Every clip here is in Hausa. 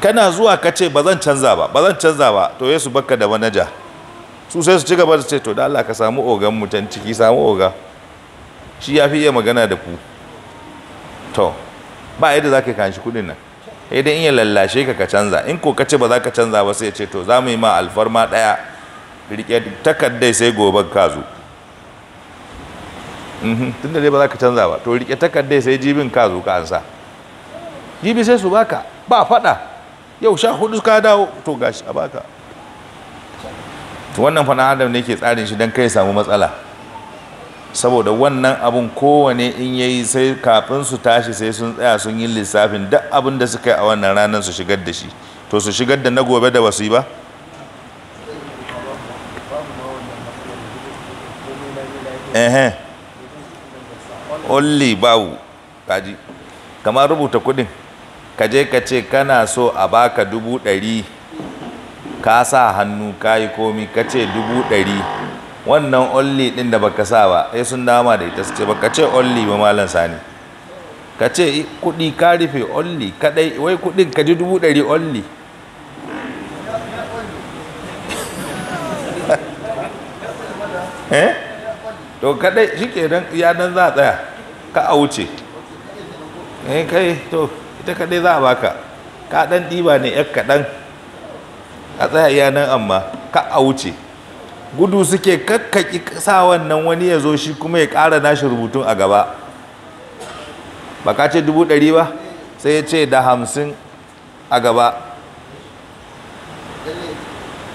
kana zuwa ka ce ba zan canza ba ba zan canza ba to yesu baka da manaja su sai su ci gaba da ce to da Allah ka samu ogan mutan ciki samu oga shi ya fi iya magana da ku to ba yadda za ka yi shi kudin nan idan in ya lallashe ka ka canza in ko ka ce ba za ka canza ba sai ya ce to za mu yi ma alfarma ɗaya riƙe takardai sai gobe ka zo mhm, tun da dai ba za ka canza ba to riƙe takardai sai jibin ka zo ka ansa jibi sai su baka ba faɗa yau sha hudu ka dawo to gashi a baka to wannan fana adam ne ke tsarin shi don kai samu matsala saboda wannan abun kowane in yayi sai kafin su tashi sai sun tsaya sun yi lissafin duk abin da suka yi a wannan ranar su shigar da shi to su shigar da na gobe da wasu yi ba ehe only bawu kaji kamar rubuta kudin ka je ka ce kana so a baka dubu ɗari ka sa hannu ka yi komi ka ce dubu ɗari wannan olli ɗin da baka sa ba ya sun dama da ita su ce baka ce olli ba malam sani ka ce kuɗi ka rufe olli kaɗai wai kuɗin ka ji dubu ɗari olli eh to kaɗai shi ke ya dan za a tsaya ka a wuce eh kai to ita kadai za a baka ka dan diba ne yar kaɗan a tsaya iya nan amma ka a wuce gudu suke kakkaki sa wannan wani ya zo shi kuma ya ƙara nashi rubutun a gaba ba ka ce dubu ɗari ba sai ya ce da hamsin a gaba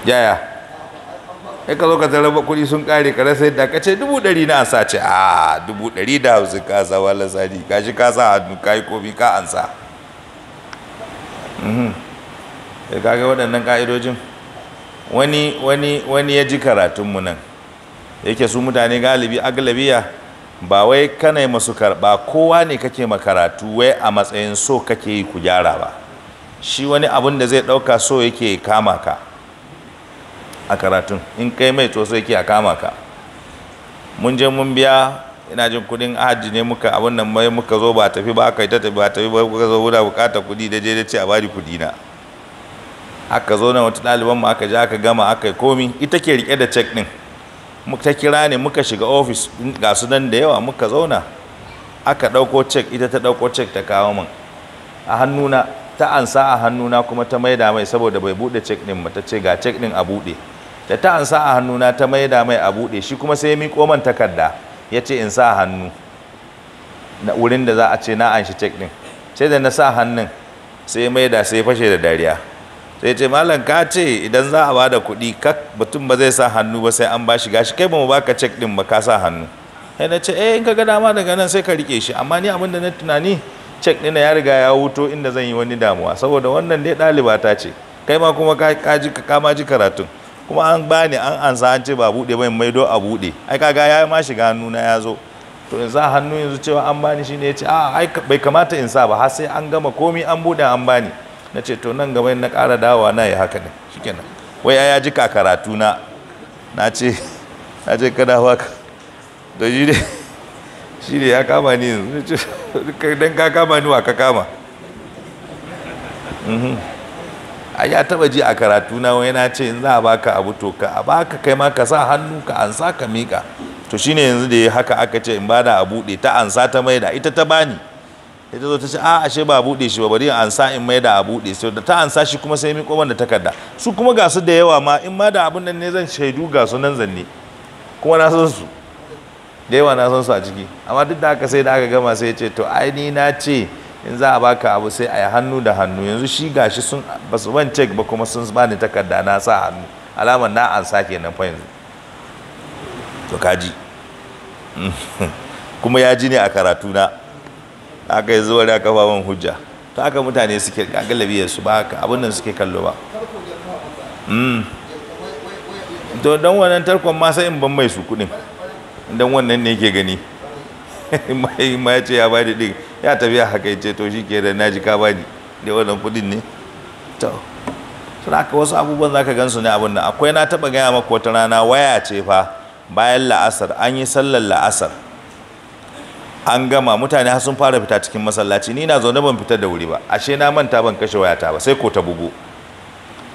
yaya ya ka zo ka zara kuɗi sun ƙare ka rasa yadda ka ce dubu ɗari na ansa ce a dubu ɗari da hamsin ka sa wala sani ka shi ka sa hannu ka yi komi ka ansa da mhm. eh, kaga waɗannan ƙa'idojin wani wani wani ya ji karatunmu nan yake su mutane galibi agalabiya ba wai kana yi masu karɓa kowa ne kake makaratu wai a matsayin so kake yi ku gyara ba shi wani abun da zai ɗauka so yake kama ka a karatun in kai mai to so yake a kama ka mun je mun biya ina jin kudin ahaji ne muka a wannan mai muka zo ba tafi ba kai ta tafi ba tafi ba kuka zo wuda bukata kudi da je da ce a bari kudi na aka zo na wata ɗaliban mu aka je aka gama aka yi komi ita ke rike da cek din ta kira ne muka shiga ofis ga su nan da yawa muka zauna aka ɗauko cek ita ta ɗauko cek ta kawo min a hannuna ta ansa a hannuna kuma ta maida mai saboda bai buɗe cek ɗin mu ta ce ga cek ɗin a buɗe da ta ansa a hannuna ta maida mai a buɗe shi kuma sai ya miƙo man takarda ya ce in sa hannu na wurin da za a ce na an shi cek ɗin sai da na sa hannun sai mai da sai fashe da dariya sai ce malam ka ce idan za a ba da kuɗi kak mutum ba zai sa hannu ba sai an ba shi gashi kai ba mu baka cek ɗin ba ka sa hannu sai na ce eh in ka ga dama daga nan sai ka rike shi amma ni abin da na tunani cek ɗin ya riga ya wuto inda zan yi wani damuwa saboda wannan dai ɗalibata ce kai ma kuma ka ka ma ji karatun kuma an bani an ansa an ce ba bude bai maido a bude ai kaga ya ma shiga nuna ya zo to in sa hannu yanzu cewa an bani shine ya ce a ai bai kamata in sa ba har sai an gama komi an bude an bani na ce to nan gaba na ƙara dawowa na yi haka ne shikenan wai ya ji ka karatu na na ce na ce kada ka da shi ne shi ne ya kama ni yanzu dan ka kama ni wa ka kama mhm. a ya taba ji a karatu na wai na ce in za a baka abu to ka a baka kai ma ka sa hannu ka ansa ka mika to shine yanzu da haka aka ce in bada a bude ta ansa ta maida ita ta bani ita zo ta ce a ashe ba buɗe shi ba bari in ansa in maida a bude. sai da ta ansa shi kuma sai miko da takarda su kuma ga su da yawa ma in ma da abun nan ne zan shaidu ga su nan zanne kuma na san su da yawa na san su a ciki amma duk da haka sai da aka gama sai ya ce to ai ni na ce in za a baka abu sai a yi hannu da hannu yanzu shi gashi sun ba su cek ba kuma sun bani takarda na sa hannu alamar na an sake kenan fa yanzu to kaji kuma ya ji ne a karatu na aka yi zuwa da kafa man hujja to haka mutane suke galibiyar su ba haka abin nan suke kallo ba hmm. to don wannan tarkon ma sai in ban mai su kuɗin don wannan ne ke gani in ma ya ce ya bani din ya tafi ya haka ce to shi ke da naji ka bani da wannan kudin ne to suna wasu abubuwan za ka gansu ne abin nan akwai na taɓa gaya maka wata rana waya ce fa bayan la'asar an yi sallar la'asar an gama mutane har sun fara fita cikin masallaci ni na zaune ban fitar da wuri ba ashe na manta ban kashe wayata ba sai ko ta bugu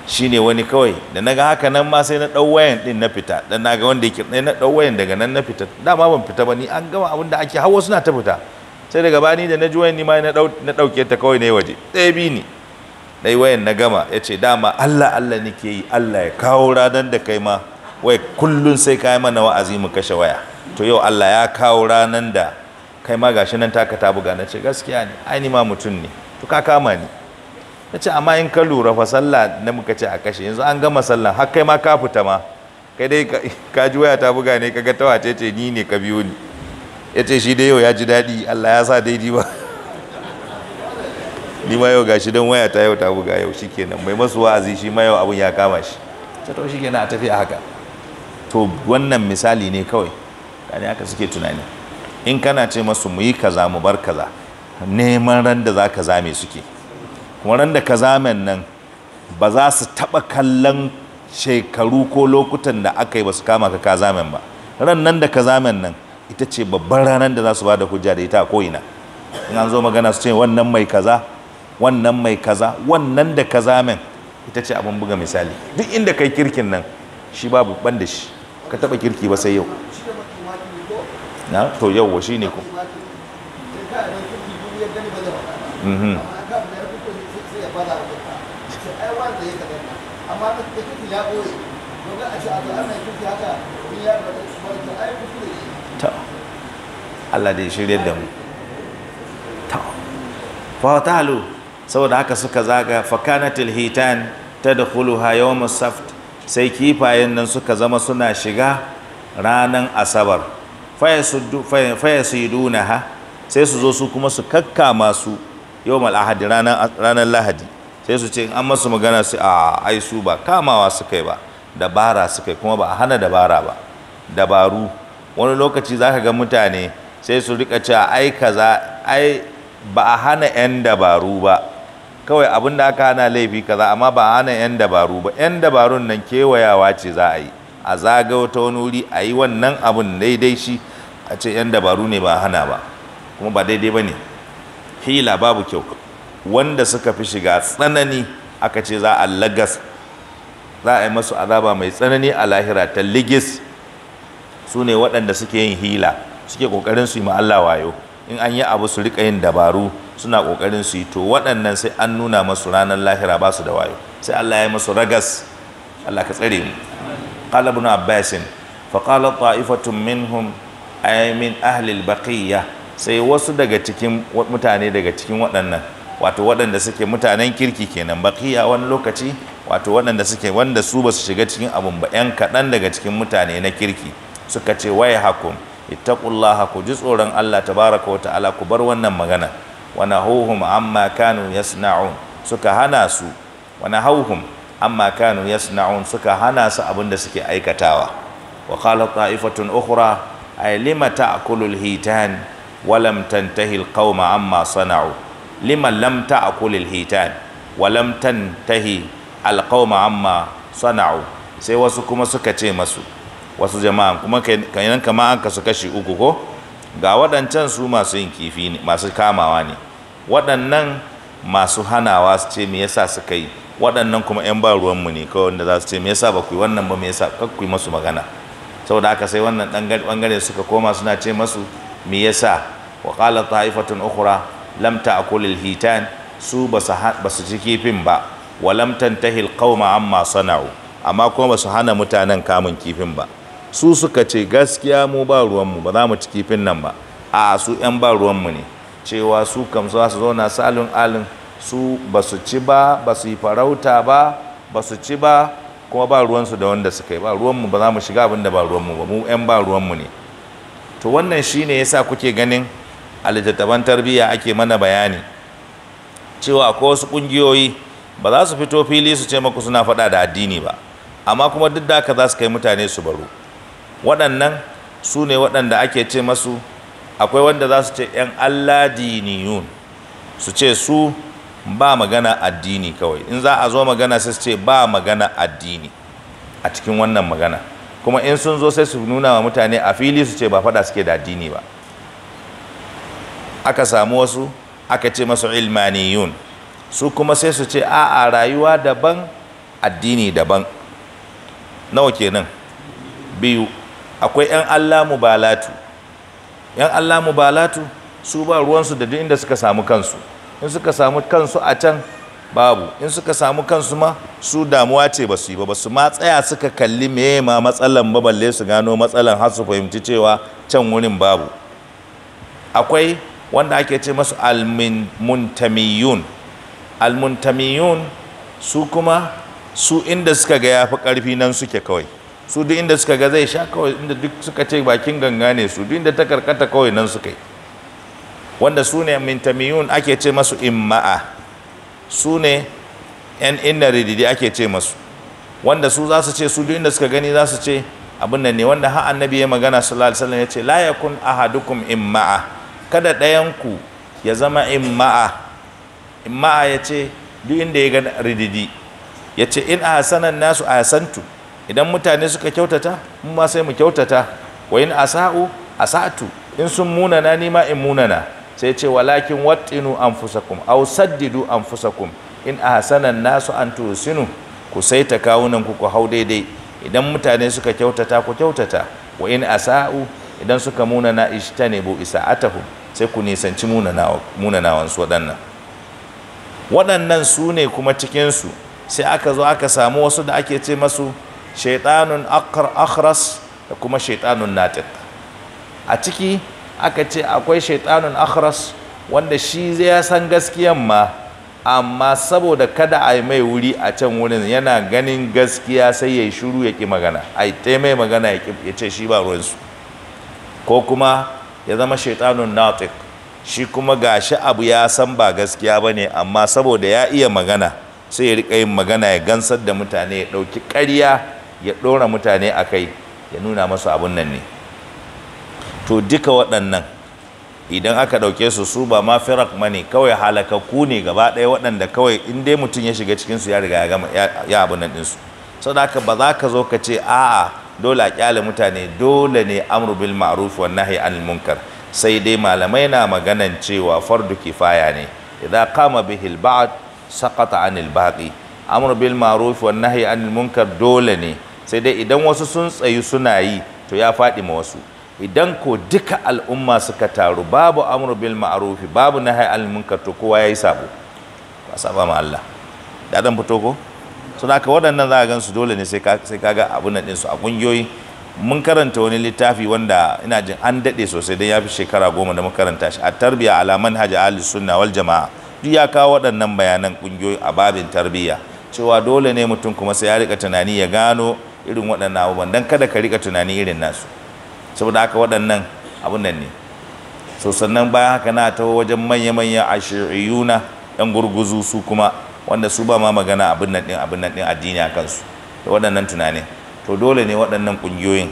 Shi ne wani kawai da naga haka nan ma sai na ɗau wayan ɗin na fita dan naga wanda yake na ɗau wayan daga nan na fita dama ban fita ba ni an gama abin da ake hawa suna ta fita sai daga bani da na ji wayan ni ma na ɗauke ta kawai na yi waje ɗaya bi ni na wayan na gama ya ce dama Allah Allah ni ke yi Allah ya kawo ranar da kai ma wai kullum sai ka yi mana wa'azi mu kashe waya to yau Allah ya kawo ranar da kai ma gashi nan taka buga na ce gaskiya ne ai ni ma mutum ne to ka kama ni na ce amma in ka lura fa sallah na muka ce a kashe yanzu an gama sallah har kai ma ka fita ma kai dai ka ji waya ta buga ne ka ga tawa ce ce ni ne ka biyo ni ya ce shi dai yau ya ji daɗi Allah ya sa daidai ba ni ma yau gashi don waya ta yau ta buga yau shikenan mai masu wa'azi shi ma yau abun ya kama shi ta to shikenan a tafi a haka to wannan misali ne kawai da ne haka suke tunani in kana ce masu mu yi kaza mu bar kaza neman ran da za ka zame suke waɗanda ka zamen nan ba za su taɓa kallon shekaru ko lokutan da aka yi ba su kama ka ka zamen ba ran nan da ka zamen nan ita ce babban ranar da za su ba da hujja da ita a ko'ina in an zo magana su ce wannan mai kaza wannan mai kaza wannan da ka zamen ita ce abin buga misali duk inda kai kirkin nan shi babu ban da shi ka taba kirki ba sai yau na to yau wa shi ne ku. Mhm. amma Allah da ya shirya da mu to fa saboda haka suka zaga fakanatil hitan tadkhuluha ha as musaft sai kifayen nan suka zama suna shiga ranan asabar faya ha sai su zo su kuma su kakka masu yawm al ranar lahadi sai su ce an masu magana sai a ai ba kamawa suka yi ba dabara suka yi kuma ba a hana dabara ba dabaru wani lokaci za ka ga mutane sai su rika cewa ai kaza ai ba a hana 'yan dabaru ba kawai abin da aka hana laifi kaza amma ba a hana 'yan dabaru ba 'yan dabarun nan kewayawa ce za a yi a zaga ta wani wuri a yi wannan abin daidai shi a ce 'yan dabaru ne ba a hana ba kuma ba daidai ba ne hila babu kyau wanda suka fi shiga tsanani aka ce za a lagas za a yi masu azaba mai tsanani a lahira ta ligis su ne waɗanda suke yin hila suke ƙoƙarin su yi ma Allah wayo in an yi abu su riƙa yin dabaru suna ƙoƙarin su yi to waɗannan sai an nuna masu ranar lahira ba su da wayo sai Allah ya yi masu ragas Allah ka tsare mu qala ibn abbas fa qala ta'ifatun minhum ay min ahli al sai wasu daga cikin mutane daga cikin waɗannan wato waɗanda suke mutanen kirki kenan bakiya wani lokaci wato waɗanda suke wanda su ba su shiga cikin abun ba yan kaɗan daga cikin mutane na kirki suka ce waye hakun ittaqullaha ku ji tsoron Allah tabaraka wa ta'ala ku bar wannan magana wana hauhum amma kanu yasna'un suka hana su wana hauhum amma kanu yasna'un suka hana su abin da suke aikatawa wa qala ta'ifatun ukhra ay lima ta'kulul hitan wa lam tantahi alqauma amma sana'u liman lam ta'kulil hitan wa lam tantahi alqauma amma sana'u sai wasu kuma suka ce masu wasu jama'an kuma kayan kama an kasu kashi uku ko ga waɗancan su masu yin kifi ne masu kamawa ne waɗannan masu hanawa su ce me yasa suka yi waɗannan kuma 'yan ba ruwanmu ne kawai wanda za su ce me yasa ba ku yi wannan ba me yasa kakku yi masu magana saboda haka sai wannan gare suka koma suna ce masu me yasa wa qala ta'ifatun ukhra lam ta'kulil hitan su basu ci kifin ba wa lam tantahi alqauma amma sana'u amma kuma basu hana mutanen kamun kifin ba su suka ce gaskiya mu ba ruwan mu ba za mu ci kifin nan ba a su yan ba ruwan mu ne cewa su kam za su zauna salun alin su basu ci ba basu yi farauta ba basu ci ba kuma ba ruwansu da wanda suka yi ba ruwanmu ba za mu shiga abin da ba ruwanmu ba mu 'yan ba ruwanmu ne to wannan shi ne ya kuke ganin a littattafan tarbiyya ake mana bayani cewa akwai wasu ƙungiyoyi ba za su fito fili su ce maku suna faɗa da addini ba amma kuma duk da haka za su kai mutane su baro waɗannan su ne waɗanda ake ce masu akwai wanda za su ce 'yan allah diniyun su ce su ba magana addini kawai in za a zo magana sai su ce ba magana addini a cikin wannan magana kuma in sun zo sai su nuna wa mutane a fili su ce ba faɗa suke da addini ba aka samu wasu aka ce masu ilmaniyun su kuma sai su ce a'a rayuwa daban addini daban nawa kenan biyu akwai 'yan Allah mubalatu 'yan Allah mubalatu su ba ruwansu da duk inda suka samu kansu in suka samu kansu a can babu in suka samu kansu ma su damuwa ce ba su yi ba ba su ma tsaya suka kalli meye ma matsalan su gano matsalan har su fahimci cewa can wurin babu akwai wanda ake ce masu almuntamiyun almuntamiyun su kuma su inda suka ga ya fi ƙarfi nan suke kawai su duk inda suka ga zai sha kawai inda duk suka ce bakin ganga ne su duk inda ta karkata kawai nan suka yi wanda su ne mintamiyun ake ce masu imma'a su ne yan inna rididi ake ce masu wanda su za su ce su duk inda suka gani za su ce abin nan ne wanda har annabi ya magana sallallahu alaihi wasallam ya ce la yakun ahadukum imma'a kada ɗayanku ya zama imma'a imma'a ya ce duk inda ya ga rididi ya ce in a hasanan nasu a hasantu idan mutane suka kyautata mu ma sai mu kyautata wa in asa'u asa'tu in sun munana ni ma in munana sai ce walakin wattinu anfusakum aw saddidu anfusakum in a ahsanan nasu an tusinu ku saita kawunan ku ku hau daidai idan mutane suka kyautata ku kyautata wa in asa'u idan suka munana ishtanibu isa'atahum sai ku nisanci munanawansu waɗannan waɗannan su ne kuma cikinsu sai aka zo aka samu wasu da ake ce masu shaitanun akhras da kuma shaitanun natiq a ciki aka ce akwai shaitanun akhras wanda shi zai san gaskiyan ma amma saboda kada a yi mai wuri a can wurin yana ganin gaskiya sai ya yi shiru ya ƙi magana a yi mai magana ya ce shi ba ruwansu ko kuma ya zama shaitanun natik shi kuma gashi abu ya san ba gaskiya ba ne amma saboda ya iya magana sai ya riƙa yin magana ya gansar da mutane ya ɗauki ƙarya ya ɗora mutane a kai ya nuna masu abun nan ne to duka waɗannan idan aka ɗauke su su ba ma firak mani kawai halakakku ne gaba ɗaya waɗanda kawai in dai mutum ya shiga cikinsu ya riga ya abun nan ɗinsu saboda ba za ka zo ka ce a'a dole a kyale mutane dole ne amru bil ma'ruf wa nahi anil munkar sai dai malamai na maganan cewa fardu kifaya ne idan kama bihil ba'd saqata anil baqi amru bil ma'ruf wa nahi anil munkar dole ne sai dai idan wasu sun tsayu suna yi to ya faɗi ma wasu idan ko duka al'umma suka taru babu amru bil ma'ruf babu nahi anil munkar to kowa yayi sabo ba saba Allah da dan fito ko da ka waɗannan za a gan su dole ne sai ka ga abun nan a ƙungiyoyi mun karanta wani littafi wanda ina jin an daɗe sosai don ya fi shekara goma da makaranta karanta shi a tarbiya ala manhaji ahli sunna wal jama'a duk ya kawo waɗannan bayanan kungiyoyi a babin tarbiyya cewa dole ne mutum kuma sai ya rika tunani ya gano irin waɗannan abubuwan don kada ka rika tunani irin nasu saboda haka waɗannan abun nan ne so sannan bayan haka na taho wajen manya-manyan ashiriyuna yan gurguzu su kuma wanda su ba ma magana abin nan din abin nan din addini a kansu da waɗannan tunanin to dole ne waɗannan ƙungiyoyin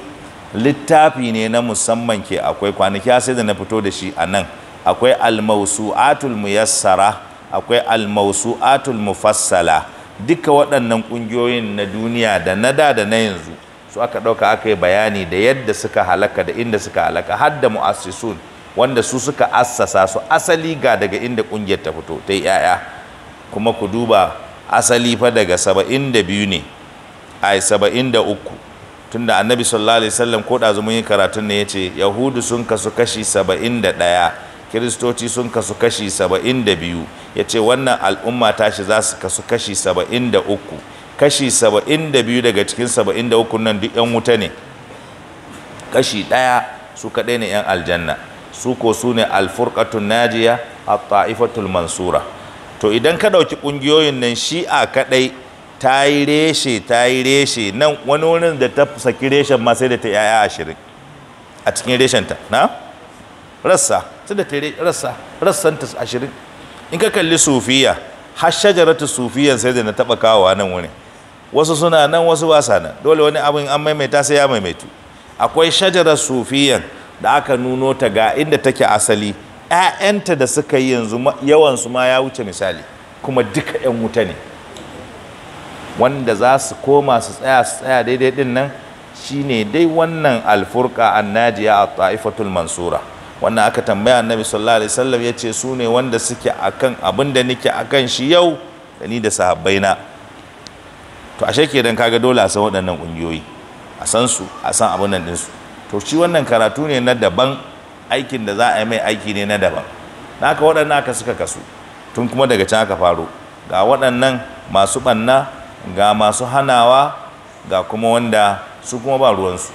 littafi ne na musamman ke akwai kwanaki sai da na fito da shi a nan akwai almausu'atul muyassara akwai almausu'atul mufassala duka waɗannan ƙungiyoyin na duniya da na da da na yanzu su aka ɗauka aka yi bayani da yadda suka halaka da inda suka halaka har da mu'assisun wanda su suka assasa su asali ga daga inda ƙungiyar ta fito ta yi 'ya'ya kuma ku duba asali fa daga saba'in da biyu ne a saba'in da uku tunda annabi sallallahu alaihi wasallam ko da mun yi karatun ne ya ce yahudu sun kasu kashi saba'in da ɗaya kiristoci sun kasu kashi saba'in da biyu ya ce wannan al'umma tashi za su kasu kashi saba'in da uku kashi saba'in da biyu daga cikin saba'in da uku nan duk yan wuta ne kashi ɗaya su kaɗai ne yan aljanna su ko su ne alfurkatun najiya a taifatul mansura to idan ka ɗauki ƙungiyoyin nan shi'a kaɗai ta yi reshe ta yi reshe nan wani wurin da ta saki reshen ma sai da ta yaya ashirin a cikin reshenta na rassa sai da ta rassa rassan ta ashirin in ka kalli sufiya har shajaratu sufiyan sai da na taɓa kawowa nan wurin wasu suna nan wasu ba sa nan dole wani abin an maimaita sai ya maimaitu akwai shajarar sufiyan da aka nuno ta ga inda take asali 'ya'yanta da suka yi yanzu yawansu ma ya wuce misali kuma duka 'yan wuta ne wanda za su koma su tsaya su tsaya daidai din nan shine dai wannan alfurka annajiya a ta'ifatul mansura wannan aka tambaya annabi sallallahu alaihi wasallam ya ce su ne wanda suke akan abin da nake akan shi yau da ni da sahabbaina to ashe kenan kaga dole a san waɗannan ƙungiyoyi a san su a san abin nan ɗinsu to shi wannan karatu ne na daban aikin da za a yi mai aiki ne na daban Na ka waɗannan aka suka kasu tun kuma daga can aka faro ga waɗannan masu ɓanna ga masu hanawa ga kuma wanda su kuma ba ruwansu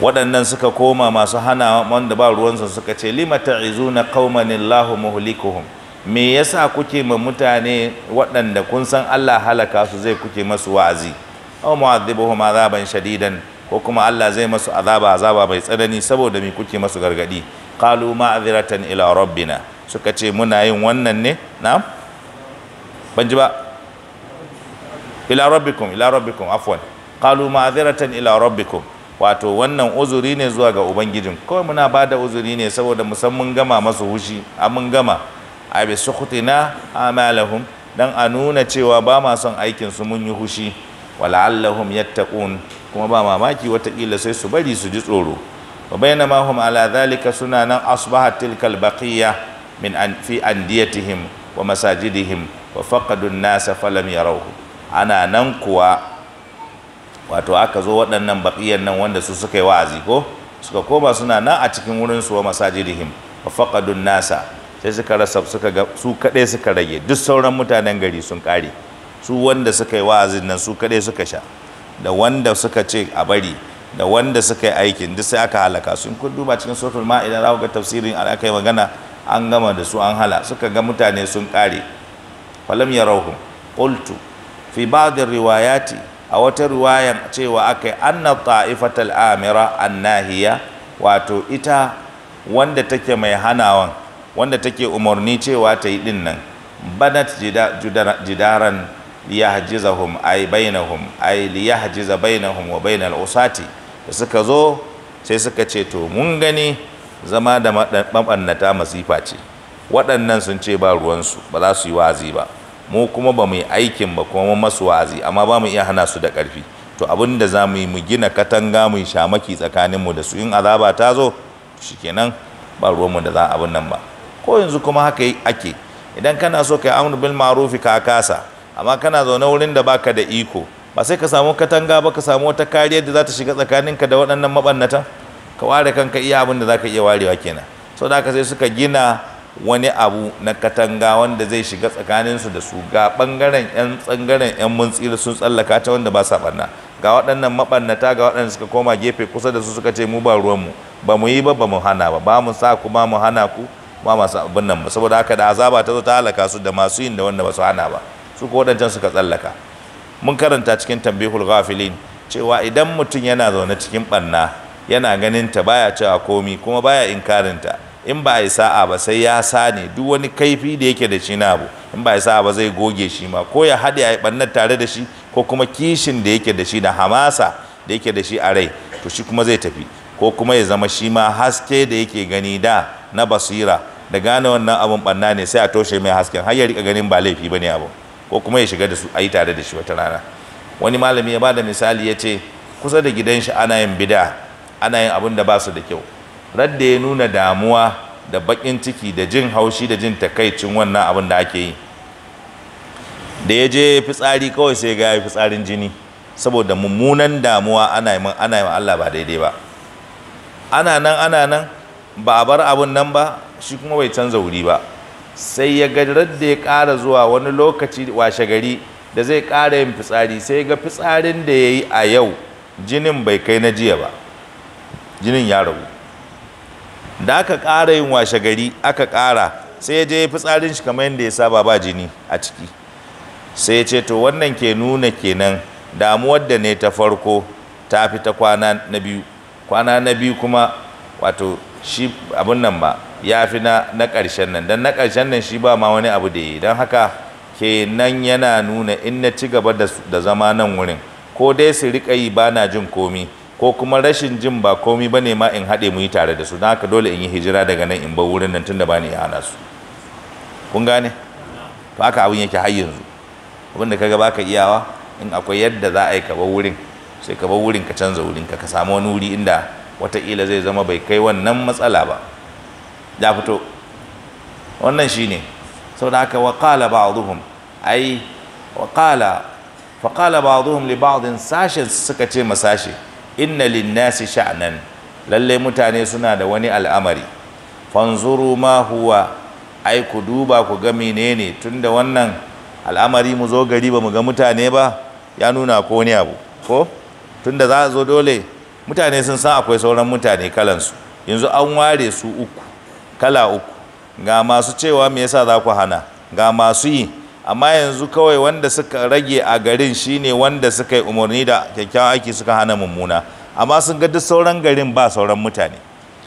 waɗannan suka koma masu hanawa wanda ba ruwansu suka ce lima na qauman Allahu muhlikuhum me yasa kuke ma mutane waɗanda kun san Allah halaka su zai kuke masu wa'azi aw mu'adhibuhum azaban shadidan ko kuma Allah zai masu azaba azaba mai tsanani saboda me kuke masu gargadi qalu ma'dhiratan ila rabbina suka ce muna yin wannan ne na'am ban ji ba ila rabbikum ila rabbikum afwan qalu ma'dhiratan ila rabbikum wato wannan uzuri ne zuwa ga ubangijin kawai muna bada uzuri ne saboda musamman gama masu hushi a mun gama a bi sukhutina amalahum dan a nuna cewa ba ma son aikin su mun yi hushi wala'allahum yattaqun kuma ba mamaki watakila sai su bari su ji tsoro wa bainama hum ala zalika suna nan asbahat tilkal baqiya min an fi andiyatihim wa masajidihim wa faqadun nasa falam yarawhu ana nan kuwa wato aka zo waɗannan baqiyan nan wanda su suka yi wa'azi ko suka koma suna nan a cikin wurin su wa masajidihim wa faqadun nasa sai suka rasa suka ga su kadai suka rage duk sauran mutanen gari sun kare su wanda suka yi wa'azin nan su kadai suka sha da wanda suka ce a bari da wanda suka yi aikin duk sai aka halaka sun kun duba cikin ma ma'ida za ku ga tafsirin aka yi magana an gama da su an hala suka ga mutane sun kare falam yarawhum qultu fi ba'd riwayati a wata riwayan cewa aka yi anna ta'ifatal amira annahiya wato ita wanda take mai hanawan wanda take umarni cewa ta yi din nan banat jidaran liyahjizahum ay bainahum ay liyahjiza bainahum wa bainal usati da suka zo sai suka ce to mun gani zama da mabannata masifa ce waɗannan sun ce ba ruwansu ba za su yi wazi ba mu kuma ba mu yi aikin ba kuma mun masu wazi amma ba mu iya hana su da ƙarfi to abin da za mu yi mu gina katanga mu shamaki mu da su in azaba ta zo shikenan ba ruwanmu da za abin nan ba ko yanzu kuma haka ake idan kana so ka yi bil ma'ruf ka kasa amma kana zaune wurin da baka da iko ba sai ka samu katanga ba ka samu wata kariyar da za ta shiga tsakaninka da waɗannan maɓannatan ka ware kanka iya abin da za ka iya warewa kenan sau da haka sai suka gina wani abu na katanga wanda zai shiga tsakaninsu da su ga ɓangaren 'yan tsangaren 'yan muntsiri sun tsallaka ta wanda ba sa ɓanna ga waɗannan maɓannata ga waɗanda suka koma gefe kusa da su suka ce mu ba ruwanmu ba mu yi ba ba mu hana ba ba mu sa ku ba mu hana ku ba masu abin nan ba saboda haka da azaba ta zo ta halaka su da masu yin da wanda ba su hana ba su ko waɗancan suka tsallaka mun karanta cikin tambihul ghafilin cewa idan mutum yana zaune cikin banna yana ganin ta baya cewa komi kuma baya inkarin ta in ba a yi sa'a ba sai ya sane duk wani kaifi da yake da shi na abu in ba a yi sa'a ba zai goge shi ma ko ya haɗe a yi tare da shi ko kuma kishin da yake da shi da hamasa da yake da shi a rai to shi kuma zai tafi ko kuma ya zama shi ma haske da yake gani da na basira da gane wannan abun ɓanna ne sai a toshe mai hasken har ya rika ganin ba laifi ba ne abu ko kuma ya shiga da su ayi tare da shi wata rana wani malami ya ba da misali ya ce kusa da gidan shi ana yin bida ana yin abin da ba su da kyau radda ya nuna damuwa da bakin ciki da jin haushi da jin takaicin wannan abin da ake yi da ya je fitsari kawai sai ga fitsarin jini saboda mummunan damuwa ana yi ana yi Allah ba daidai ba ana nan ana nan ba a bar abun nan ba shi kuma bai canza wuri ba sai ya ga radda ya ƙara zuwa wani lokaci washe gari da zai ƙara yin fitsari sai ga fitsarin da ya yi a yau jinin bai kai na jiya ba jinin ya rabu da aka ƙara yin washe gari aka ƙara sai ya je ya fitsarin shi kamar yadda ya saba ba jini a ciki sai ya ce to wannan ke nuna kenan damuwar da ne ta farko ta fi ta kwana na biyu kwana na biyu kuma wato shi abin nan ba ya fi na na ƙarshen nan don na ƙarshen nan shi ba ma wani abu da yi don haka ke nan yana nuna in na ci gaba da zama nan wurin ko dai su riƙa yi ba na jin komi ko kuma rashin jin ba komi ne ma in haɗe mu yi tare da su don haka dole in yi hijira daga nan in bar wurin nan tun da bani ya hana su kun gane to haka abin yake har yanzu abin da ga baka iyawa in akwai yadda za a yi ka wurin sai ka wurin ka canza wurin ka ka samu wani wuri inda wataƙila zai zama bai kai wannan matsala ba ya fito wannan shine saboda haka wa qala ba'dhum ai waƙala faƙala ba a ba'dhum li ba'dhin sashen suka ce masashe inna linnasi nasi sha'nan lalle mutane suna da wani al'amari fanzuru ma huwa ai ku duba ku ga menene da wannan al'amari mu zo gari ba mu ga mutane ba ya nuna ko wani abu ko tun da za a zo dole mutane sun san akwai sauran mutane kalansu yanzu an ware su uku kala uku ga masu cewa me yasa za ku hana ga masu yi amma yanzu kawai wanda suka rage a garin shine wanda suka yi umarni da kyakkyawan aiki suka hana mummuna amma sun ga duk sauran garin ba sauran mutane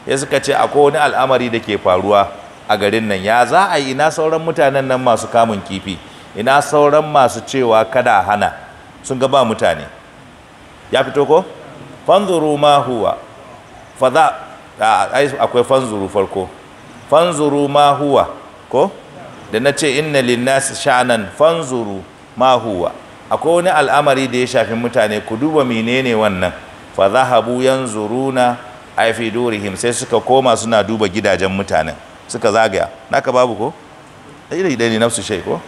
ya suka ce akwai wani al'amari da ke faruwa a garin nan ya za a yi ina sauran mutanen nan masu kamun kifi ina sauran masu cewa kada hana sun ga ba mutane ya fito ko fanzuru ma huwa fa za akwai fanzuru farko fanzuru ma huwa ko da na ce inna linnasi sha'anan fanzuru ma huwa akwai wani al'amari da ya shafi mutane ku duba menene wannan fa zahabu yanzuruna ai fi durihim sai suka koma suna duba gidajen mutanen suka zagaya naka babu ko dai dai ne nafsu shay ko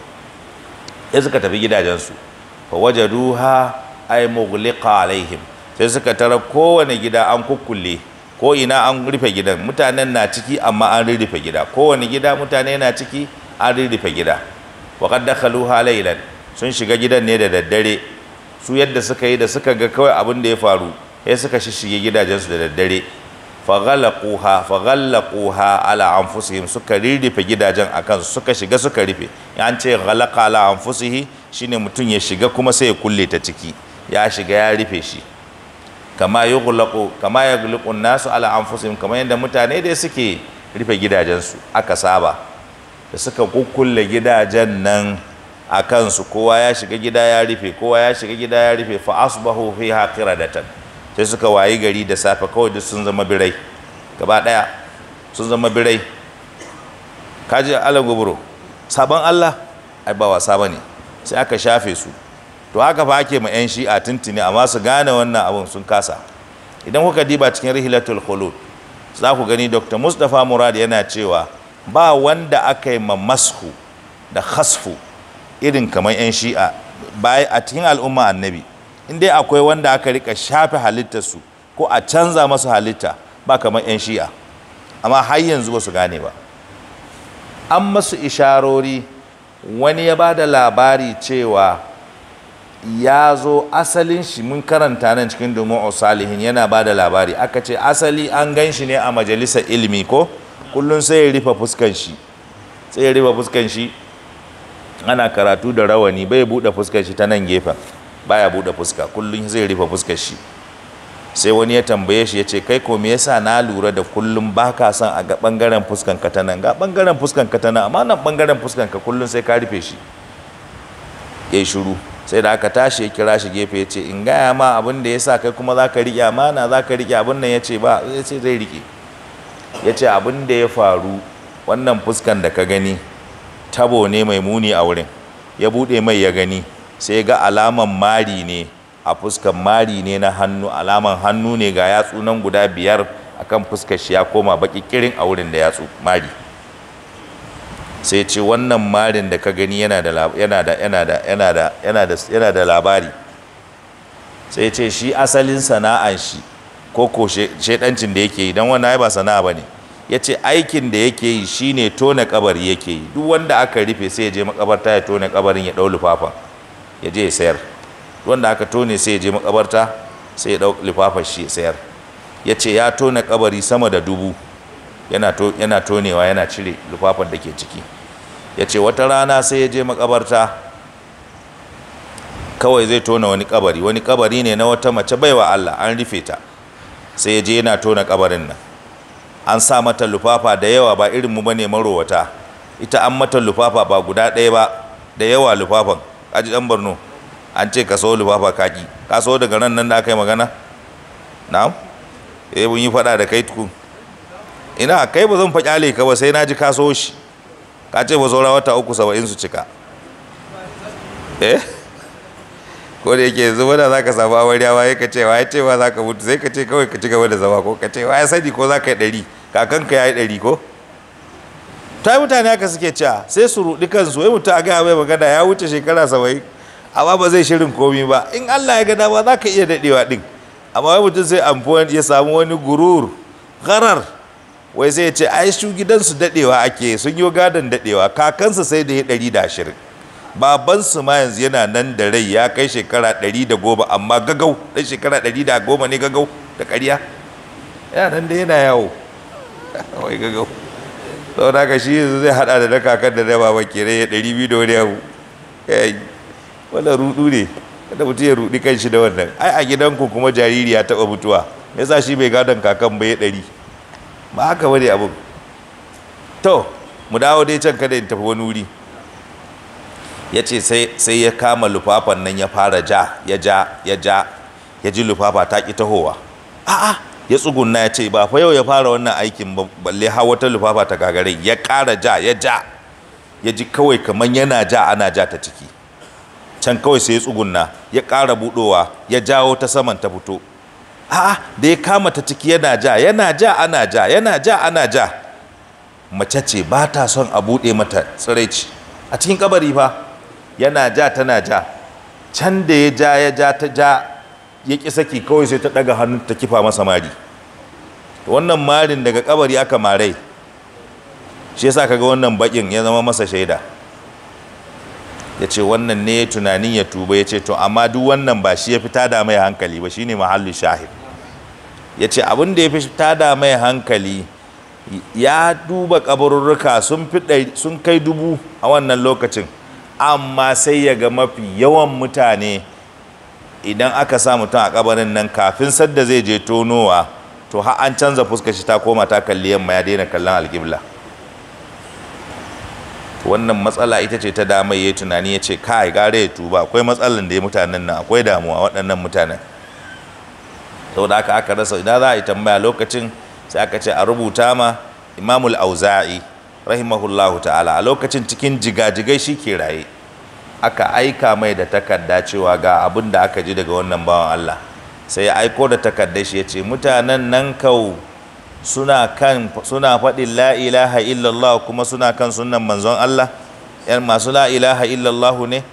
sai suka tafi gidajensu fa wajaduha ay mughliqa alaihim sai suka tara kowane gida an kukkulle ko ina an rufe gidan mutanen na ciki amma an rufe gida kowane gida mutane na ciki an rufe gida wa qad dakhaluha halailan sun shiga gidan ne da daddare su yadda suka yi da suka ga kawai abin da ya faru sai suka shishige gidajensu da daddare fa ghalaquha ala anfusihim suka rufe gidajen akan suka shiga suka rufe an ce ghalaqa ala anfusihi shine mutum ya shiga kuma sai ya kulle ta ciki ya shiga ya rufe shi kama yughlaqu kama yaghlaqu nasu ala anfusihim kamar yadda mutane dai suke rufe gidajensu aka saba da suka kukkulle gidajen nan a kansu kowa ya shiga gida ya rufe kowa ya shiga gida ya rufe fa asbahu fi haqiradatan sai suka wayi gari da safe kawai duk sun zama birai gaba daya sun zama birai kaji ala guburo sabon Allah ai ba wasa bane sai aka shafe su to haka fa ake ma yan shi'a tuntuni amma su gane wannan abun sun kasa idan kuka diba cikin rihilatul khulud za ku gani dr mustapha murad yana cewa ba wanda aka yi ma masku da khasfu irin kamar yan shi'a bai a cikin al'umma annabi in dai akwai wanda aka rika shafe halittar su ko a canza masu halitta ba kamar yan shi'a amma har yanzu ba su gane ba an masu isharori wani ya ba da labari cewa ya zo asalin shi mun karanta nan cikin domin osalihin yana ba da labari aka ce asali an gan shi ne a majalisa ilimi ko kullum sai ya rufe fuskan shi sai ya rufe fuskan shi ana karatu da rawani bai buɗe fuskan shi ta nan gefen baya buɗe fuska kullum zai rufe fuskan shi sai wani ya tambaye shi ya ce kai ko me yasa na lura da kullum baka son a ga bangaren fuskan ka ta nan ga bangaren fuskan ka ta nan amma nan bangaren fuskan ka kullum sai ka rufe shi yayi shiru sai da aka tashi ya kira shi gefe ya ce in gaya ma abin da ya sa kai kuma za ka riƙe amana za ka riƙe abin nan ya ce ba ya ce zai riƙe ya ce abin da ya faru wannan fuskan da ka gani tabo ne mai muni a wurin ya buɗe mai ya gani sai ga alaman mari ne a fuskan mari ne na hannu alaman hannu ne ga yatsu nan guda biyar akan fuskar shi ya koma baƙi kirin a wurin da yatsu mari sai ce wannan marin da ka gani yana da yana da yana da yana da yana da yana da labari sai ce shi asalin sana'an shi ko ko shedancin da yake yi dan wannan ai ba sana'a bane yace aikin da yake yi shine tona kabari yake yi duk wanda aka rufe sai ya je makabarta ya tona kabarin ya dau lufafa ya je ya sayar wanda aka tone sai ya je makabarta sai ya dau lufafa shi ya sayar yace ya tona kabari sama da dubu yana tonewa yana cire lufafan da ke ciki ya ce wata rana sai ya je makabarta kawai zai tona wani kabari wani kabari ne na wata mace baiwa Allah an rufe ta sai ya je yana tona kabarin nan an sa mata lufafa da yawa ba irin mu bane marowata ita an mata lufafa ba guda ɗaya ba da yawa lufafan aji ɗan barno an ce ka so lufafa kaki ka so daga ran nan da aka yi magana na'am eh mun yi fada da kai tukun ina kai ba zan fa kyale ka ba sai na ji kaso shi ka ce ba saura wata uku saba'in su cika eh ko da yake yanzu wanda ka samu amarya ba ya kace ya ce ba ka mutu sai ka ce kawai ka ci gaba da zama ko ka ce wa ya sani ko za ka yi ɗari ka ya yi ɗari ko ta mutane haka suke cewa sai su ruɗi kansu wai mutum a gaya mai magana ya wuce shekara saba'in amma ba zai shirin komi ba in Allah ya gada ba za ka iya daɗewa ɗin amma wai mutum sai amfani ya samu wani gurur gharar wai sai ya ce ai shu gidansu dadewa ake sun yi gadon dadewa kakansa sai da ya ɗari da ashirin babansu ma yanzu yana nan da rai ya kai shekara ɗari da goma amma gagau ɗan shekara ɗari da goma ne gagau da ƙarya yana nan da yana yawo wai gagau sau da ka shi yanzu zai haɗa da na kakan da na baban kere ya ɗari biyu da wani abu wannan rudu ne kada mutum ya rudi kan shi da wannan ai a gidanku kuma jariri ya taɓa mutuwa me yasa shi bai gadon kakan ba ya ɗari ba haka bane abin to mu dawo dai can kada in tafi wani wuri ya ce sai ya kama lufafan nan ya fara ja ya ja ya ja ya ji lufafa ta ki tahowa a'a ya tsugunna ya ce ba fa yau ya fara wannan aikin balle ha wata lufafa ta gagare ya ƙara ja ya ja ya ji kawai kamar yana ja ana ja ta ciki can kawai sai ya tsugunna ya ƙara buɗowa ya jawo ta saman ta fito a'a da ya kama ta ciki yana ja yana ja ana ja yana ja ana ja mace ce ba ta son a buɗe mata tsiraici a cikin kabari fa yana ja tana ja can da ya ja ya ja ta ja ya ƙi saki kawai sai ta ɗaga hannu ta kifa masa mari wannan marin daga kabari aka marai shi yasa kaga wannan bakin ya zama masa shaida ya ce wannan ne tunanin ya tuba ya ce to amma duk wannan ba shi ya fita da mai hankali ba shine mahallin shahid ya ce abin da ya fi tada mai hankali ya duba kabarurruka sun kai dubu a wannan lokacin amma sai ya ga mafi yawan mutane idan aka sa mutum a kabarin nan kafin sadda zai je tonowa to ha an canza fuskar shi ta koma ta kalli yamma ya daina kallon alƙibla wannan matsala ita ce ta damai ya tunani ya ce kai gare ya tuba akwai matsalan da ya mutanen nan akwai damuwa waɗannan mutanen saboda haka aka rasa ina za a yi tambaya lokacin sai aka ce a rubuta ma imamul auza'i rahimahullahu ta'ala a lokacin cikin jigajigai shi ke raye aka aika mai da takarda cewa ga abin da aka ji daga wannan bawan Allah sai ya aiko da takardar shi ya ce mutanen nan kau suna kan suna faɗin la ilaha illallah kuma suna kan sunan manzon Allah yan masu la ilaha illallah ne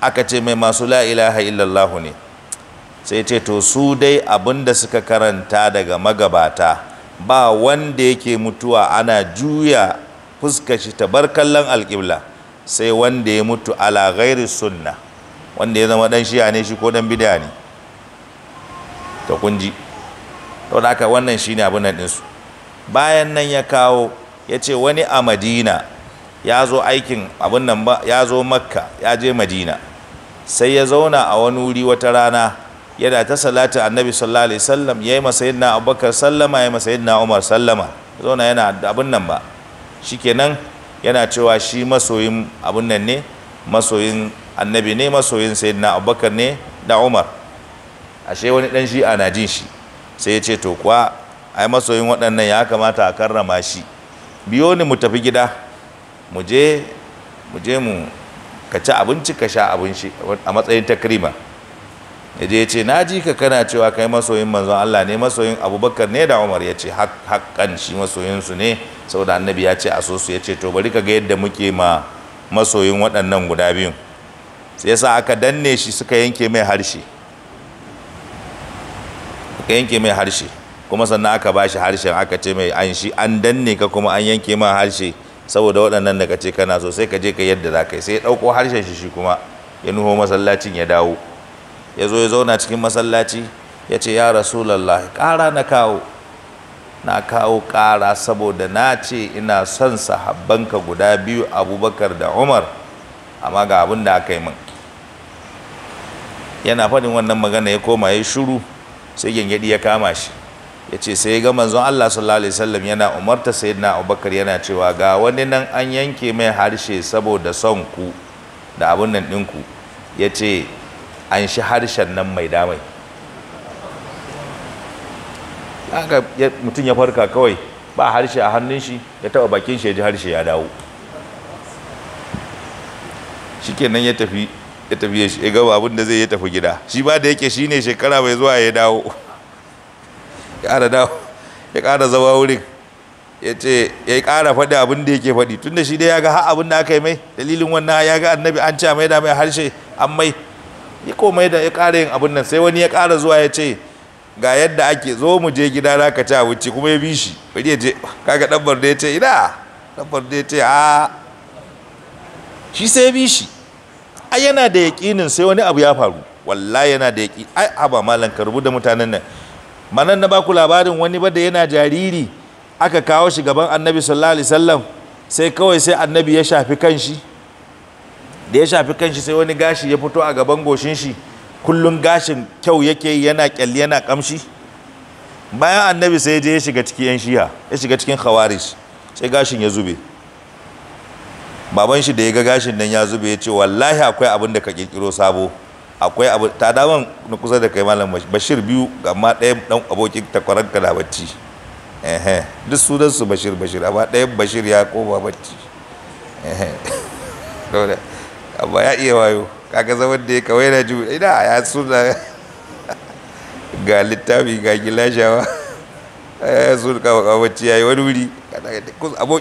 aka ce mai masu la ilaha illallah ne sai ce to su dai abin da suka karanta daga magabata ba wanda yake mutuwa ana juya fuskar shi ta bar kallon alƙibla sai wanda ya mutu ala gairi sunna wanda ya zama dan shiya ne shi ko dan bid'a ne ta kunji ji to wannan wannan shine abin nan din su bayan nan ya kawo ya ce wani a madina ya zo aikin abin nan ba ya zo makka ya je madina sai ya zauna a wani wuri wata rana yana ta salatin annabi sallallahu alaihi wasallam yayi masa yinna abubakar sallama yayi masa yinna umar sallama zauna yana abun nan ba shikenan yana cewa shi masoyin abun nan ne masoyin annabi ne masoyin sayyidina abubakar ne da umar ashe wani dan shi ana jin shi sai ya ce to kuwa ai masoyin waɗannan ya kamata a karrama shi biyo ni mu tafi gida mu je mu je mu ka ci abinci ka sha abinci a matsayin takrima ya je ya ce na ji ka kana cewa kai masoyin manzon Allah ne masoyin abubakar ne da umar ya ce haƙƙan shi masoyinsu ne saboda annabi ya ce a so su ya ce to bari ka ga yadda muke ma masoyin waɗannan guda biyun sai yasa aka danne shi suka yanke mai harshe aka yanke mai harshe kuma sannan aka ba shi harshen aka ce mai an shi an danne ka kuma an yanke mai harshe saboda waɗannan da ka ce kana so sai ka je ka yadda za ka yi sai ya ɗauko harshen shi shi kuma ya nuho masallacin ya dawo ya zo ya zauna cikin masallaci ya ce ya rasulallah ƙara na kawo na kawo ƙara saboda na ce ina son sahabbanka guda biyu abubakar da umar amma ga abin da aka yi min yana faɗin wannan magana ya koma ya shuru sai gyangyaɗi ya kama shi ya ce sai ga manzon Allah sallallahu alaihi wasallam yana umarta sayyidina Abubakar yana cewa ga wani nan an yanke mai harshe saboda son ku da abun nan ɗinku ya ce an shi harshen nan mai damai haka mutum ya farka kawai ba harshe a hannun shi ya taba bakin shi ya ji harshe ya dawo nan ya tafi ya tafi ya shiga abin da zai ya tafi gida shi ba da yake shine shekara bai zuwa ya dawo ya dawo ya ƙara zama wurin ya ce ya ƙara faɗi abin da yake faɗi tunda shi dai ya ga har abin da aka yi mai dalilin wannan ya ga annabi an ce mai da mai harshe an mai ya komai da ya ƙara yin abin nan sai wani ya ƙara zuwa ya ce ga yadda ake zo mu je gida na ka ci abinci kuma ya bi shi bari ya je kaga dabbar da ya ce ina dabbar da ya ce a shi sai ya bi shi ai yana da yaƙinin sai wani abu ya faru wallahi yana da yaƙi ai aba malam ka rubuta mutanen nan manan na baku labarin wani ba da yana jariri aka kawo shi gaban annabi sallallahu alaihi wasallam sai kawai sai annabi ya shafi kanshi shi da ya shafi kanshi sai wani gashi ya fito a gaban goshin shi kullun gashin kyau yake yana kyalli yana kamshi bayan annabi sai je ya shiga cikin yan shiha ya shiga cikin khawarij sai gashin ya zube baban shi da ya ga gashin nan ya zube ya ce wallahi akwai abin da ka kirkiro sabo akwai abu ta daman na kusa da kai malam bashir biyu amma ɗaya dan abokin takwaran ka da bacci ehe duk sunan su bashir bashir amma ɗayan bashir ya koma bacci ehe abba ya iya wayo kaga zaman da ya kawai na ju ina ya suna ga littafi ga gilashawa ya suna kawo kawace ya yi wani wuri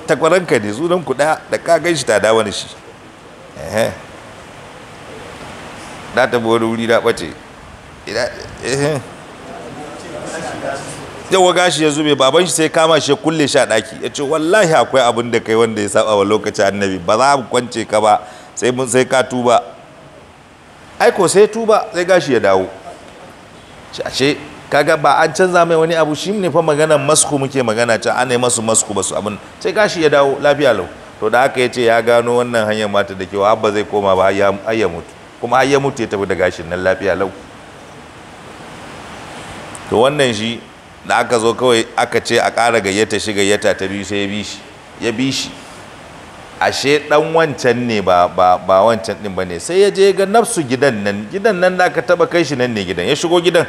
takwaranka ne sunan kuɗa da ka gan shi ta da wani shi na tabi wani wuri na ɓace yawa gashi ya zube baban shi sai kama shi kulle shi a ɗaki ya ce wallahi akwai abin da kai wanda ya saba wa lokacin annabi ba za mu kwance ka ba sai mun sai ka tuba ai ko sai tuba sai gashi ya dawo ce kaga ba an canza mai wani abu shi ne fa maganar masku muke magana can ana masu masku basu abin sai gashi ya dawo lafiya lau to da aka yace ya gano wannan hanyar mata da kewa abba zai koma ba har ya mutu kuma har ya mutu ya tafi da gashin nan lafiya lau to wannan shi da aka zo kawai aka ce a ƙara gayyata shi gayyata ta biyu sai ya bi shi ya bi shi ashe ɗan wancan ne ba ba ba wancan din bane sai ya je ga nafsu gidan nan gidan nan da aka taba kai shi nan ne gidan ya shigo gidan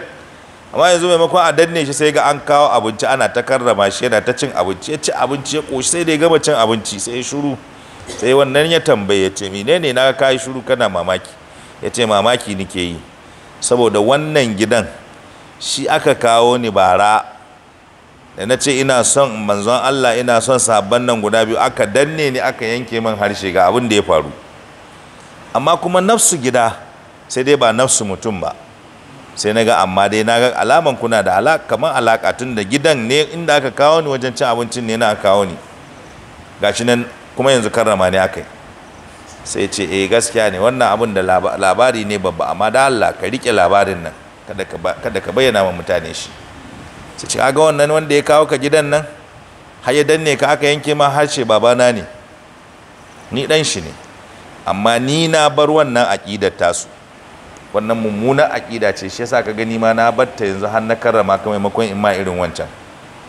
amma yanzu maimakon a danne shi sai ga an kawo abinci ana ta karrama shi yana ta cin abinci ya ci abinci ya koshi sai da ya gama cin abinci sai ya shuru sai wannan ya tambaye ya ce menene na kai shuru kana mamaki ya ce mamaki nike yi saboda wannan gidan shi aka kawo ni bara da na ce ina son manzon Allah ina son sabon nan guda biyu aka danne ni aka yanke min harshe ga abin da ya faru amma kuma nafsu gida sai dai ba nafsu mutum ba sai na ga amma dai na ga alaman kuna da alaƙa kamar tun da gidan ne inda aka kawo ni wajen cin abincin ne na aka kawo ni gashi nan kuma yanzu karrama ne aka yi sai ce eh gaskiya ne wannan abin da labari ne babba amma da Allah ka rike labarin nan kada ka bayyana wa mutane shi sai ce "Aga wannan wanda ya kawo ka gidan nan har ya ne ka aka yanke ma harshe babana ne ni dan shi ne amma ni na bar wannan aqidar tasu wannan mummunar aqida ce shi yasa ka gani ma na batta yanzu har na karrama ka maimakon in ma irin wancan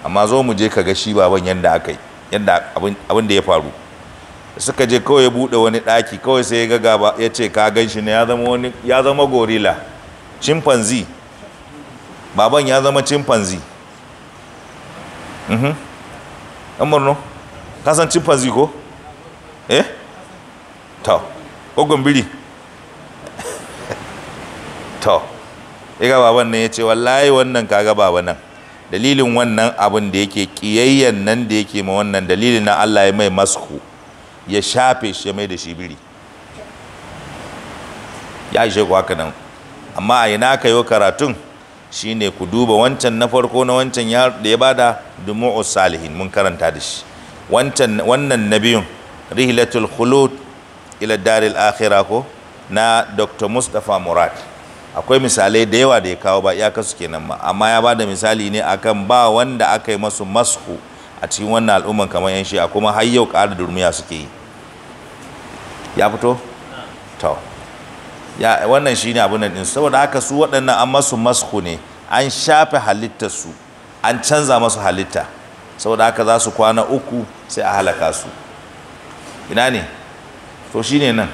amma zo mu je ka ga shi baban yanda aka yi yanda abin da ya faru suka je kawai ya buɗe wani ɗaki kawai sai ya ga ya ce ka gan shi ne ya zama gorila chimpanzee baban ya zama chimpanzee yan mhm. borno kasan chimpanzee ko eh to kogon biri to iga baban nan ya ce wallahi wannan kaga baba nan dalilin wannan abin da yake kiyayyen nan da yake ma wannan dalilin na Allah ya mai masku ya shafe shi mai da shi biri ya ishe ku haka nan amma a ina ka yi karatun shine ku duba wancan na farko na wancan ya da ya bada dumu'u salihin mun karanta da shi wancan wannan biyun rihlatul khulud ila daril akhirah ko na Dr. Mustapha Murad akwai misalai da yawa da ya kawo ba iyaka su kenan ma amma ya bada misali ne akan ba wanda aka yi masu masku a cikin wannan al'umman kamar yan shi, a kuma har yau ƙara durmiya suke yi ya fito to ya wannan shine abin nan din saboda haka su waɗannan an masu masku ne an shafe halittarsu an canza masu halitta saboda haka za su kwana uku sai a halaka su ina ne to shi ne nan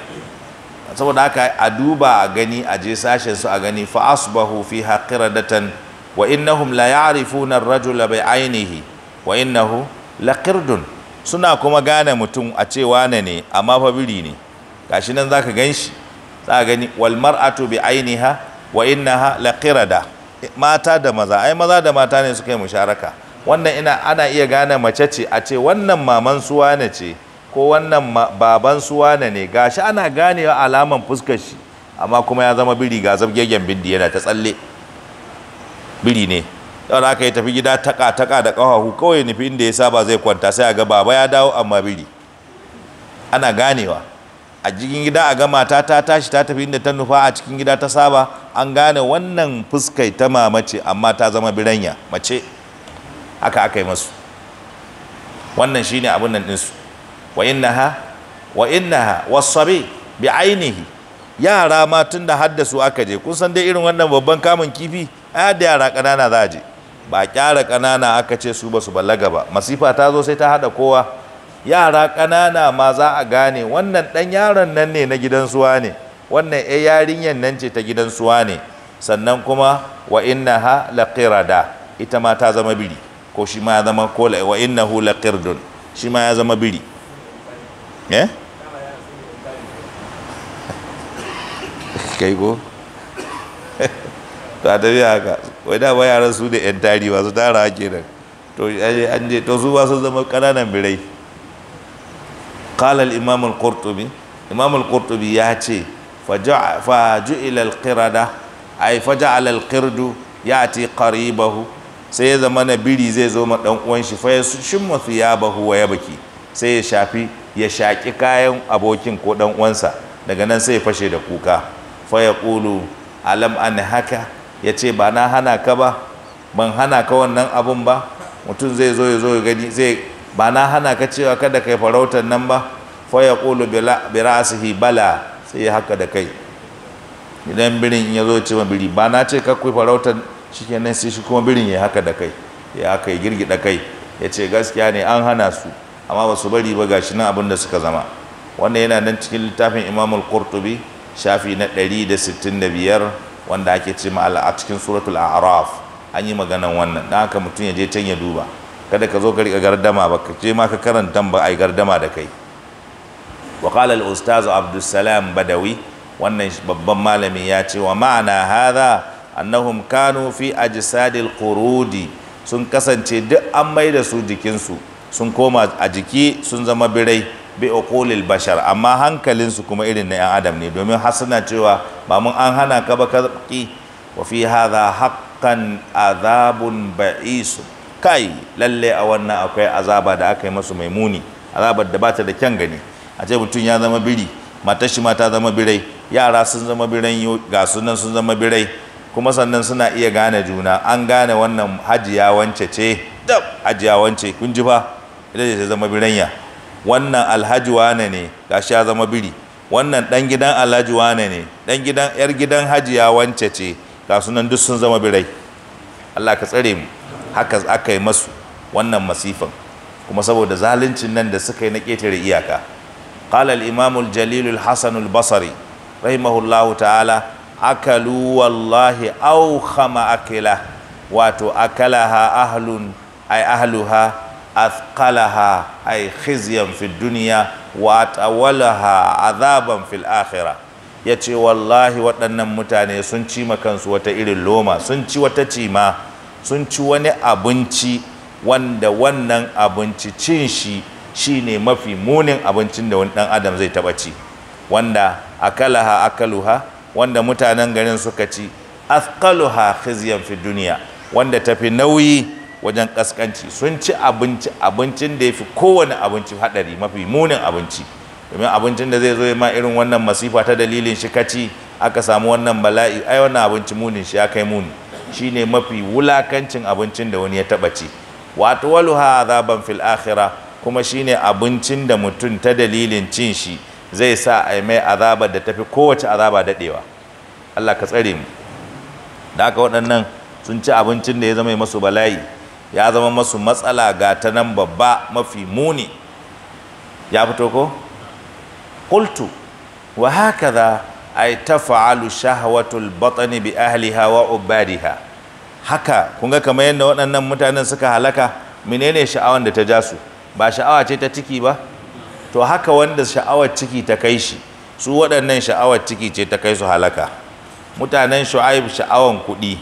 saboda haka a duba a gani a je sashen su a gani fa asbahu fi haqiradatan wa innahum la ya'rifuna ar-rajula bi ainihi wa innahu laqirdun suna kuma gane mutum a ce wane ne amma fa biri ne gashi nan zaka ganshi za gani wal mar'atu bi ainiha wa innaha laqirada mata da maza ai maza da mata ne suka yi musharaka wannan ina ana iya gane mace ce a ce wannan maman suwa ne ce ko wannan baban suwa ne ne gashi ana ganewa alaman fuskar shi amma kuma ya zama biri ga zabgegen bindi yana ta tsalle biri ne yau aka yi tafi gida taka taka da kawahu kawai nufi inda ya saba zai kwanta sai a ga baba ya dawo amma biri ana ganewa a cikin gida a ga mata ta tashi ta tafi inda ta nufa a cikin gida ta saba an gane wannan fuskai ta mamace amma ta zama biranya mace haka aka yi masu wannan shine abin nan ɗinsu wa ha wa ha wasabi bi ainihi yara ma tun da haddasu aka je kun san dai irin wannan babban kamun kifi a yara ƙanana za a je ba ƙyara ƙanana aka ce su ba su balaga ba masifa ta zo sai ta haɗa kowa yara ƙanana ma za a gane wannan ɗan yaron nan ne na gidan suwa ne wannan ya yarinyar nan ce ta gidan suwa ne sannan kuma wa inna innaha laqirada ita ma ta zama biri ko shi ma ya zama kola wa inna hu laqirdun shi ma ya zama biri eh? kai ko ta biya haka wai da ba yaran su da yan tari wasu tara kenan to an je to su ba su zama kananan birai qala al-imam al-qurtubi imam al qurtubi imam al ya ce fa ju'ila al-qirada ay faja'ala al sai ya zama na biri zai zo ma dan uwan shi fa ya bahu wa ya baki sai ya shafi ya shaki kayan abokin ko dan uwansa daga nan sai ya fashe da kuka faya yaqulu alam an haka yace ba na hana ka ba ban hana ka wannan abun ba mutum zai zo ya zo ya gani zai ba na hana ka cewa kada kai farautar nan ba fa ya qulu bi ra'sihi bala sai haka da kai idan birin ya zo ce ma biri ba na ce ka kai farautar shikenan sai shi kuma birin ya haka da kai ya aka yi girgida kai ya ce gaskiya ne an hana su amma ba su bari ba gashi nan abin da suka zama wannan yana nan cikin littafin Imam Al-Qurtubi shafi na ɗari da da sittin biyar wanda ake ce ma a cikin suratul A'raf an yi maganan wannan dan haka mutum ya je can ya duba kada ka zo ka riƙa gardama ba ka ce ma ka karanta ba ai gardama da kai wa qala al ustaz abdussalam badawi wannan babban malami ya ce wa ma'ana hadha annahum kanu fi ajsadil qurudi sun kasance duk an mai da su jikinsu sun koma a jiki sun zama birai bi uqulil bashar amma hankalinsu kuma irin na 'yan adam ne domin hasana cewa ba mun an hana ka ba ka ki wa fi hadha haqqan adhabun ba'isun kai lalle a wannan akwai azaba da aka yi masu mai muni azabar da bata da kyan gani a ce mutum ya zama biri matar shi ma ta zama birai yara sun zama birai ga sunan sun zama birai kuma sannan suna iya gane juna an gane wannan hajiya wance ce dab hajiya wance kun ji fa idan ce zama biranya wannan alhaji wane ne Ga shi ya zama biri wannan dan gidan alhaji wane ne dan gidan yar gidan hajiya wance ce ga sunan duk sun zama birai Allah ka tsare mu haka aka yi masu wannan masifan kuma saboda zaluncin nan da suka yi na ƙetare iyaka qala al-imam al-jalil al-hasan al-basri rahimahullahu ta'ala akalu wallahi aw khama akila wato akalaha ahlun ay ahluha athqalaha ay khizyan fi dunya wa atawalaha azaban fil akhirah yace wallahi waɗannan mutane sun ci kansu wata irin loma sun ci wata cima sun ci wani abinci wanda wannan abinci cin shi shine mafi munin abincin da wani dan adam zai taba ci wanda akalaha akaluha wanda mutanen garin suka ci akaluha khizyan fi duniya wanda tafi nauyi wajen kaskanci sun ci abinci abincin da yafi kowane abinci haɗari mafi munin abinci domin abincin da zai zo ma irin wannan masifa ta dalilin shi kaci aka samu wannan bala'i ai wannan abinci munin shi ya kai muni shine mafi wulakancin abincin da wani ya taba ci wato ha azaban fil akhirah kuma shine abincin da mutum ta dalilin cin shi zai sa a mai azaba da tafi kowace azaba daɗewa. Allah ka tsare mu da haka waɗannan sun ci abincin da ya zama masu bala'i ya zama masu matsala ga ta nan babba mafi muni ya fito ko qultu wa hakaza ai tafa'alu shahwatul batani bi ahliha wa ubadiha haka kun ga kamar yadda waɗannan mutanen suka halaka menene sha'awar da ta ja su ba sha'awa ce ta ciki ba to haka wanda sha'awar ciki ta kai shi su waɗannan sha'awar ciki ce ta kai su halaka mutanen shu'aib sha'awar kuɗi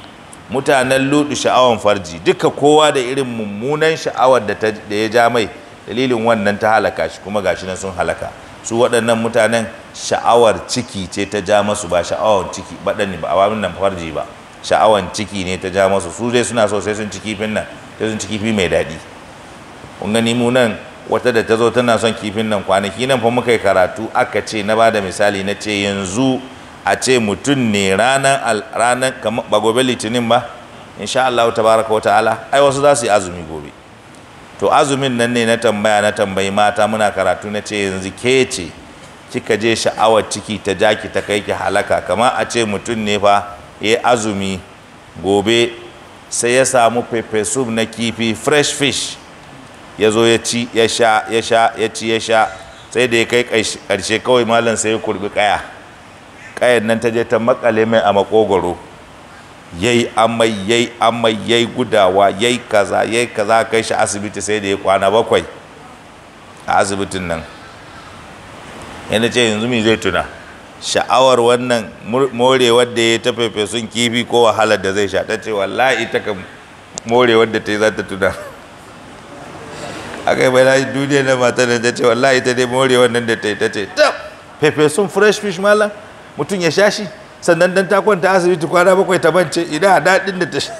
mutanen ludu sha'awar farji duka kowa da irin mummunan sha'awar da ya ja mai dalilin wannan ta halaka shi kuma gashi nan sun halaka su waɗannan mutanen sha'awar ciki ce ta ja masu ba sha'awar ciki baɗani ba a nan farji ba sha'awar ciki ne ta ja masu su zai suna so sai sun ci kifin nan sai sun ci kifi mai daɗi kun gani mu nan wata da ta zo tana son kifin nan kwanaki nan fa muka yi karatu aka ce na bada misali na ce yanzu a ce mutum ne ranar ranar ba gobe litinin ba sha Allah tabaraka wa ta'ala ai wasu za su yi azumi gobe to azumin nan ne na tambaya na tambayi mata muna karatu na ce yanzu ke ce kika je sha'awar ciki ta jaki ta kai ki halaka kamar a ce mutum ne fa ya azumi gobe sai ya samu pepper soup na kifi fresh fish ya zo ya ci ya sha ya sha ya ci ya sha sai da ya kai karshe kawai malam sai ya kurbi kaya kayan nan ta je ta makale mai a makogoro yayi amai yayi amai yayi gudawa yayi kaza yayi kaza kai shi asibiti sai da ya kwana bakwai a asibitin nan yana ce yanzu me zai tuna sha'awar wannan more wadda ya ta sun kifi ko wahalar da zai sha ta ce wallahi ta kan more wadda ta yi za ta tuna aka yi lai duniya na mata da ta ce wallahi ta dai more wannan da ta yi ta ce ta sun fresh fish mala mutum ya sha shi sannan dan ta kwanta asibiti kwana bakwai ta bance idan a daɗin da ta sha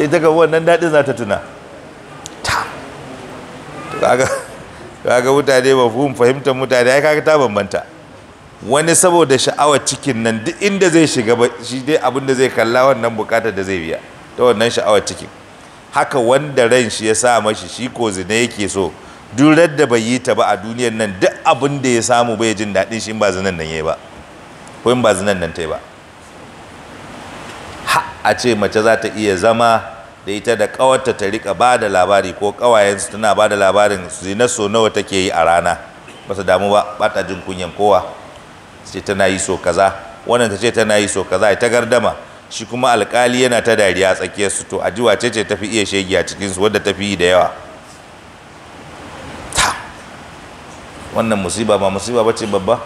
ita ga wannan daɗin za ta tuna ta kaga mutane fuhun fahimtar mutane ai kaga ta bambanta wani saboda sha'awa cikin nan duk inda zai shiga ba shi dai abin zai kalla wannan bukatar da zai biya ta wannan sha'awa cikin haka wanda ran shi ya sa mashi shi ko zina yake so durar da bai yi ta ba a duniyar nan duk abin ya samu bai jin daɗin shi in ba zinan nan yayi ba ko in ba zinan nan ta yi ba a ce mace za ta iya zama da ita da ƙawarta ta rika ba da labari ko ƙawayensu tana ba da labarin zina so nawa take yi a rana ba su damu ba bata jin kunyan kowa ce tana yi so kaza wannan ta ce tana yi so kaza ta gardama shi kuma alkali yana ta dariya tsakiyar su to a ce-ce ce tafi iya shege a cikin su wadda tafi yi da yawa ta wannan musiba ba musiba ba ce babba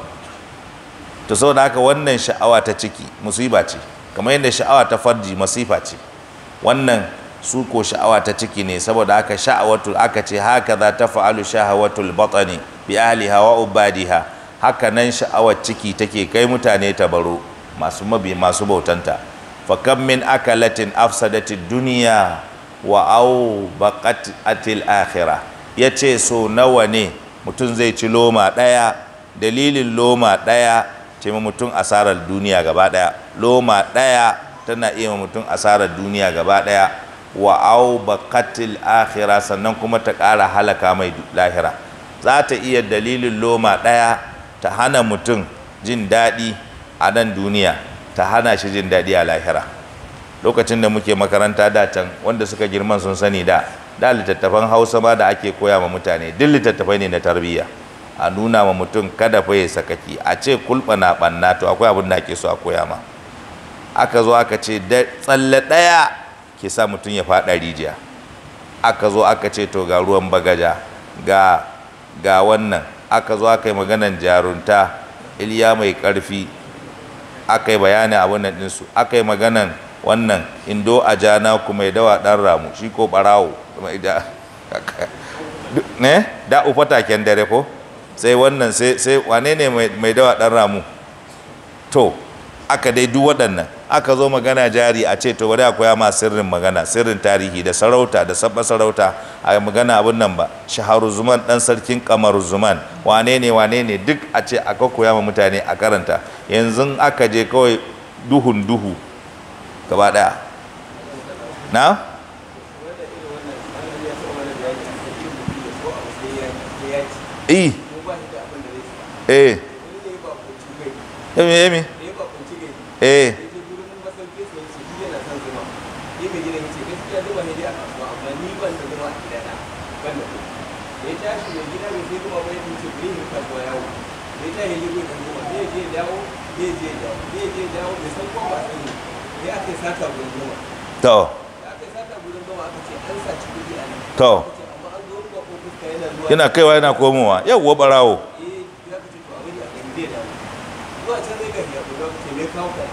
to da haka wannan sha'awa ta ciki musiba ce kamar yadda sha'awa ta farji masifa ce wannan su ko sha'awa ta ciki ne saboda haka sha'awatu aka ce haka za ta fa'alu sha'awatu batani bi ahli hawa ubadiha haka nan sha'awar ciki take kai mutane ta baro masu mabi masu bautanta fa kam min akalatin afsadati duniya wa au baqat atil akhirah yace so nawa ne mutum zai ci loma daya dalilin loma daya ce mutum asarar duniya gaba daya loma daya tana iya mutum asarar duniya gaba daya wa au baqatil akhira sannan kuma ta ƙara halaka mai lahira za ta iya dalilin loma ɗaya ta hana mutum jin daɗi a nan duniya ta hana shi jin daɗi a lahira lokacin da muke makaranta da can wanda suka girman sun sani da da littattafan hausa ba da ake koya ma mutane duk littattafai ne na tarbiyya a nuna ma mutum kada fa ya sakaki a ce kulɓa na ɓanna to akwai abin da ake so a koya ma aka zo aka ce tsalle ɗaya ke sa mutum ya faɗa rijiya aka zo aka ce to ga ruwan bagaja ga ga wannan aka zo aka yi maganan jarunta iliya mai ƙarfi aka yi bayani abin nan ɗinsu aka yi maganan wannan indo a jana ku mai dawa ɗan ramu shi ko ɓarawo ne eh? da ufa taken dare ko sai wannan sai wane ne mai dawa ɗan ramu to aka dai duk waɗannan aka zo magana jari a ce to bari a koya ma sirrin magana sirrin tarihi da sarauta da sabba sarauta a magana abun nan ba shaharu zuman dan sarkin kamaru zuman wane ne wane ne duk a ce aka koya ma mutane a karanta yanzu aka je kawai duhun duhu gaba daya na eh eh eh eh to to yana kaiwa yana komowa wa? barawo can me kawo ka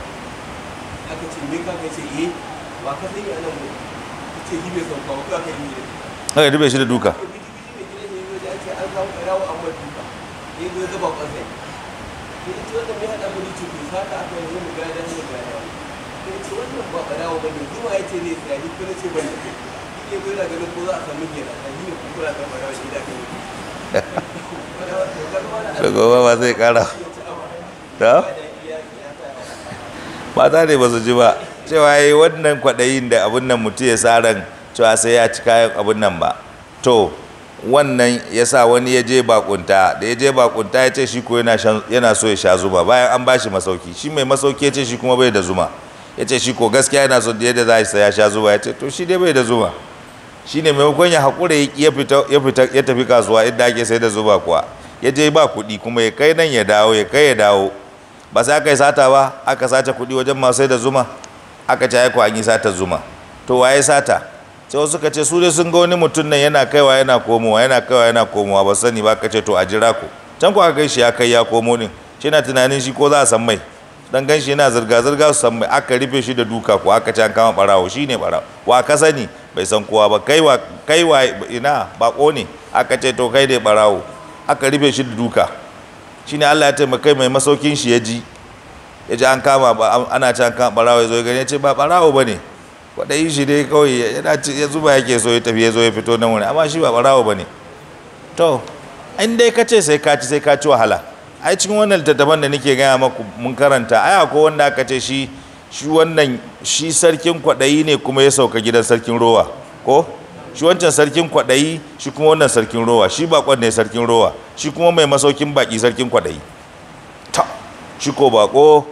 aka ce me kawo ka ce yi ba ka mu ce yi bai sauka ba ka yi ne aka dube shi da duka ya ya ce ce ya ce ya ce ce da kai ya ba zai kara ta? mata ne ba su ji ba cewa yi wannan kwaɗayin da abin nan mutu ya sa ran cewa sai ya ci kayan abin nan ba to wannan ya sa wani ya je bakunta da ya je bakunta ya ce shi ko yana so ya sha zuma bayan an ba shi masauki shi mai masauki ya ce shi kuma bai da zuma ya ce shi ko gaskiya yana so yadda za shi ya sha zuma ya ce to shi dai bai da zuma shi ne maimakon ya haƙura ya tafi kasuwa inda ake sai da zuma kuwa ya je ba kuɗi kuma ya kai nan ya dawo ya kai ya dawo ba sai aka yi sata ba aka sace kuɗi wajen masu da zuma aka ci haiku an yi sata zuma to waye sata sai wasu ka ce su dai sun ga wani mutum nan yana kaiwa yana komowa yana kaiwa yana komowa ba sani ba ka ce to a jira ku can ku aka kai shi ya kai ya komo ne shi na tunanin shi ko za a san mai dan gan shi yana zirga zirga su san mai aka rufe shi da duka ko aka ci an kama barawo shi ne barawo wa ka sani bai san kowa ba kaiwa kaiwa ina bako ne aka ce to kai ne barawo aka rufe shi da duka shine Allah ya taimaka mai masaukin shi ya ji ya ji an kama ana ci an kama barawo ya zo ya gani ya ce ba barawo ba ne kwaɗayin shi dai kawai yana ci ya zuba yake so ya tafi ya zo ya fito nan wani amma shi ba barawo ba ne to in dai ka ce sai ka ci sai ka ci wahala ai cikin wannan littattafan da nake gaya maku mun karanta ai ko wanda aka ce shi shi wannan shi sarkin kwaɗayi ne kuma ya sauka gidan sarkin rowa ko shi wancan sarkin kwaɗayi shi kuma wannan sarkin rowa shi baƙon ne sarkin rowa shi kuma mai masaukin baki sarkin kwaɗayi ta shi ko bako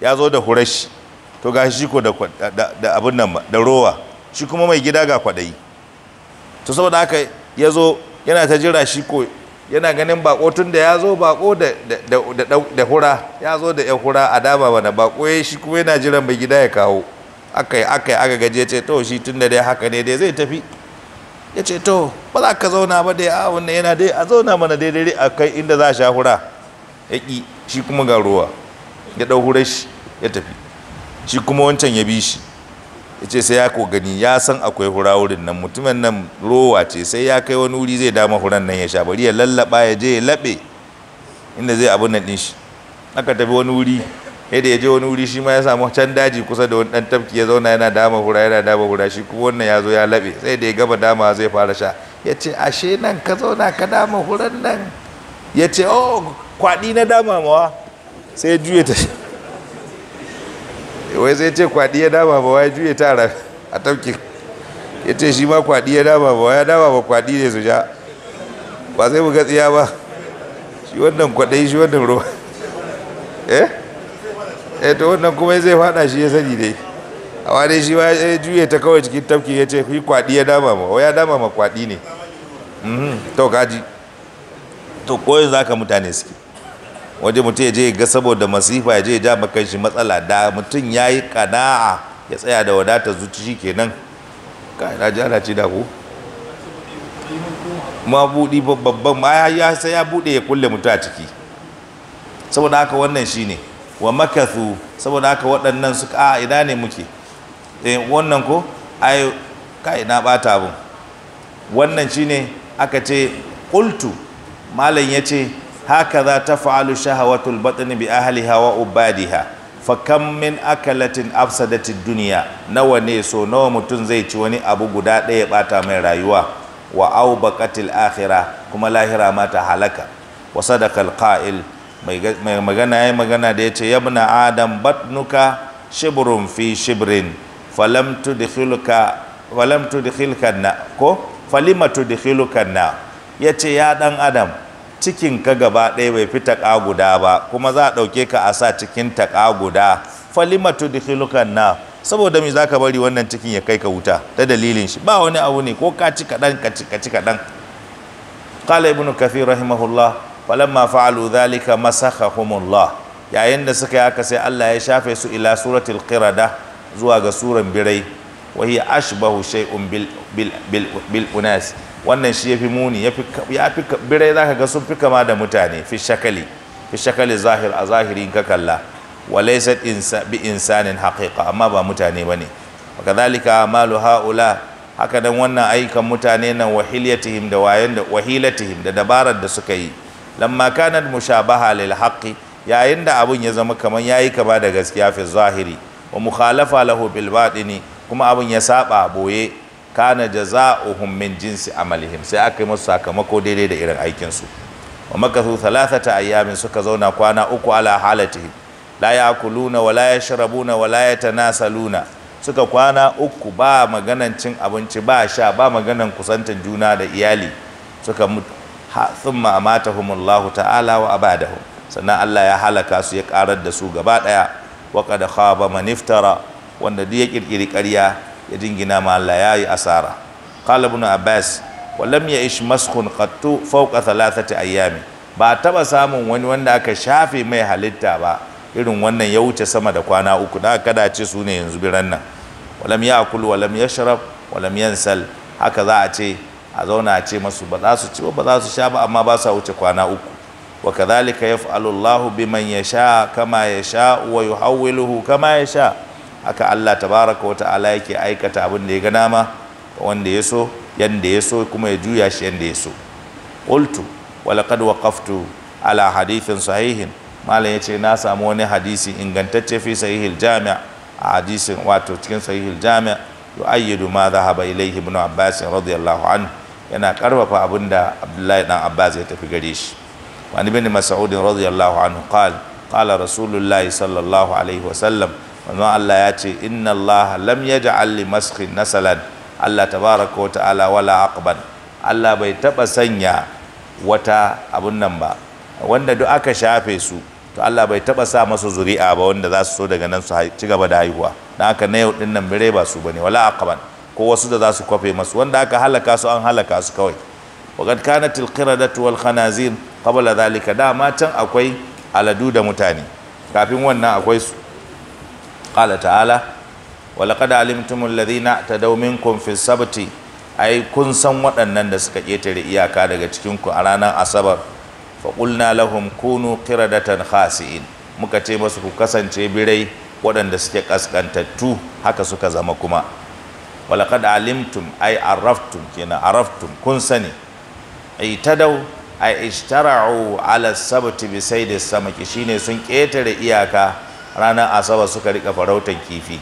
ya zo da hurashi to ga shi ko da abin nan da rowa shi kuma mai gida ga kwaɗayi to saboda haka ya zo yana ta jira shi ko yana ganin bako tun da ya zo bako da hura ya zo da ya hura a dama mana bako ya shi kuma yana jiran mai gida ya kawo aka yi aka yi aka gaje ce to shi tun da dai haka ne dai zai tafi ya ce to ba za ka zauna ba da ya wannan yana dai a zauna mana daidai a kai inda za a sha hura ya ƙi shi kuma ga ruwa ya ɗau hura shi ya tafi shi kuma wancan ya bi shi ya ce sai ya ko gani ya san akwai hura wurin nan mutumin nan rowa ce sai ya kai wani wuri zai dama huran nan ya sha bari ya lallaɓa ya je ya laɓe inda zai abin nan ɗin shi aka tafi wani wuri yadda ya je wani wuri shi ma ya samu can daji kusa da wani dan tafki ya zauna yana dama hura yana dama hura shi kuma wannan ya zo ya laɓe sai da ya gaba dama zai fara sha ya ce ashe nan ka zauna ka dama huran nan ya ce oh kwaɗi na dama mawa sai ya juye ta wai sai ce kwaɗi ya dama mawa ya juye ta a tafki ya ce shi ma kwaɗi ya dama mawa ya dama ba kwaɗi ne su ja ba sai mu ga tsiya ba shi wannan kwaɗayi shi wannan ruwa eh eto eh, to wannan kuma zai fada shi ya sani dai a dai shi ba ya juye ta kawai cikin tafki ya ce yi kwaɗi ya dama ma ya dama ma kwaɗi ne mhm, to kaji to koyon za ka mutane suke waje mutum ya je ga saboda masifa ya je ya ja makan shi matsala da mutum ya yi kana'a ya tsaya da wadatar zuci shi kenan kai na ji ana ci da ku ma buɗi babban ma ya sai ya buɗe ya kulle mutum a ciki saboda haka wannan shi ne wa makathu saboda haka waɗannan suka a ina ne muke eh, wannan ko ai kai na bata abun wannan shine aka ce qultu malam yace hakaza taf'alu shahawatul batni bi ahliha wa ubadiha fa kam min akalatin afsadatid dunya nawa ne so nawa mutum zai ci wani abu guda ɗaya bata mai rayuwa wa aubaqatil akhirah kuma lahira mata halaka wa sadaqal qa'il mai magana ya magana da ya ce yabna adam batnuka shibrun fi shibrin falam da falam na ko falima tudkhilka na ya ce ya dan adam cikin ka gaba ɗaya bai fi taƙa guda ba kuma za a ɗauke ka a sa cikin taƙa guda falima tudkhilka na saboda me ka bari wannan cikin ya kai ka wuta ta dalilin shi ba wani abu ne ko ka ci kaɗan ka ci kaɗan qala ibnu kathir rahimahullah falamma fa'alu dhalika masakhahumullah yayin da suka yi haka sai Allah ya shafe su ila suratul qirada zuwa ga suran birai wa hiya ashbahu shay'un bil bil bil unas wannan shi yafi muni yafi yafi birai zaka ga sun fi kama da mutane fi shakali fi shakali zahir a zahirin ka kalla wa insa bi insanin haqiqa amma ba mutane bane kadhalika amalu haula haka dan wannan ayyukan mutane nan wahilatihim da wayan da wahilatihim da dabarar da suka yi lamma kanat mushabaha lil haqqi yayin da abun ya zama kaman yayi kama da gaskiya fi zahiri wa mukhalafa lahu bil batini kuma abun ya saba boye kana jaza'uhum min jinsi amalihim sai aka yi musu sakamako daidai da irin aikin su wa makathu thalathata ayyamin suka zauna kwana uku ala halatihi la yakuluna wa la yashrabuna wa la yatanasaluna suka kwana uku ba maganan cin abinci ba sha ba maganan kusantan juna da iyali suka thumma amatahumullahu ta'ala wa abadahum sannan Allah ya halaka su ya karar da su gaba daya wa qad khaba man iftara wanda duk ya kirkiri ƙarya ya jingina ma Allah yi asara qala ibn abbas wa lam ya'ish maskhun qattu fawqa thalathati ayyami ba taba samun wani wanda aka shafe mai halitta ba irin wannan ya wuce sama da kwana uku da kada ce su ne yanzu biran nan walam ya'kul walam yashrab walam yansal haka za a ce a zauna a ce masu ba za su ci ba za su sha ba amma ba sa wuce kwana uku wa kadhalika yaf'alu Allahu biman yasha kama yasha wa yuhawwiluhu kama sha. haka Allah ta tabaraka wata ala yake aikata abin da ya ga dama wanda ya so yanda ya so kuma ya juya shi yanda ya so qultu wa laqad waqaftu ala hadithin sahihin malam ce na samu wani hadisi ingantacce fi sahihil jami' a hadisin wato cikin sahihil jami' yu'ayyidu ma dhahaba ilayhi ibn Abbas radiyallahu anhu yana karfafa abin da abdullahi dan abbas ya tafi gare shi wani bin mas'ud radiyallahu anhu qala qala rasulullahi sallallahu alaihi sallam. manzon Allah ya ce inna Allah lam yaj'al li maskhin nasalan Allah tabaraka wa ta'ala wala aqban Allah bai taba sanya wata abun nan ba wanda duk aka shafe su to Allah bai taba sa masu zuri'a ba wanda za su so daga nan su ci gaba da haihuwa dan haka na yau din nan bire ba su bane wala aqban ko wasu da za su kwafe masu wanda aka halaka su an halaka su kawai waƙad kanatil qiradatu tuwal khanazir kabala zalika da can akwai aladu da mutane kafin wannan akwai su kala ta'ala wa laqad ladina ta daumin minkum fi sabti ai kun san waɗannan da suka ƙetare iyaka daga cikinku a ranar asabar faƙulna lahum kunu qiradatan khasi'in muka ce masu ku kasance birai waɗanda suke ƙasƙantattu haka suka zama kuma walaqad alimtum ai araftum kenan araftum kun sani itadaw ai ishtara'u ala sabti bi saydi samaki shine sun ƙetare iyaka ranar asaba suka rika farautan kifi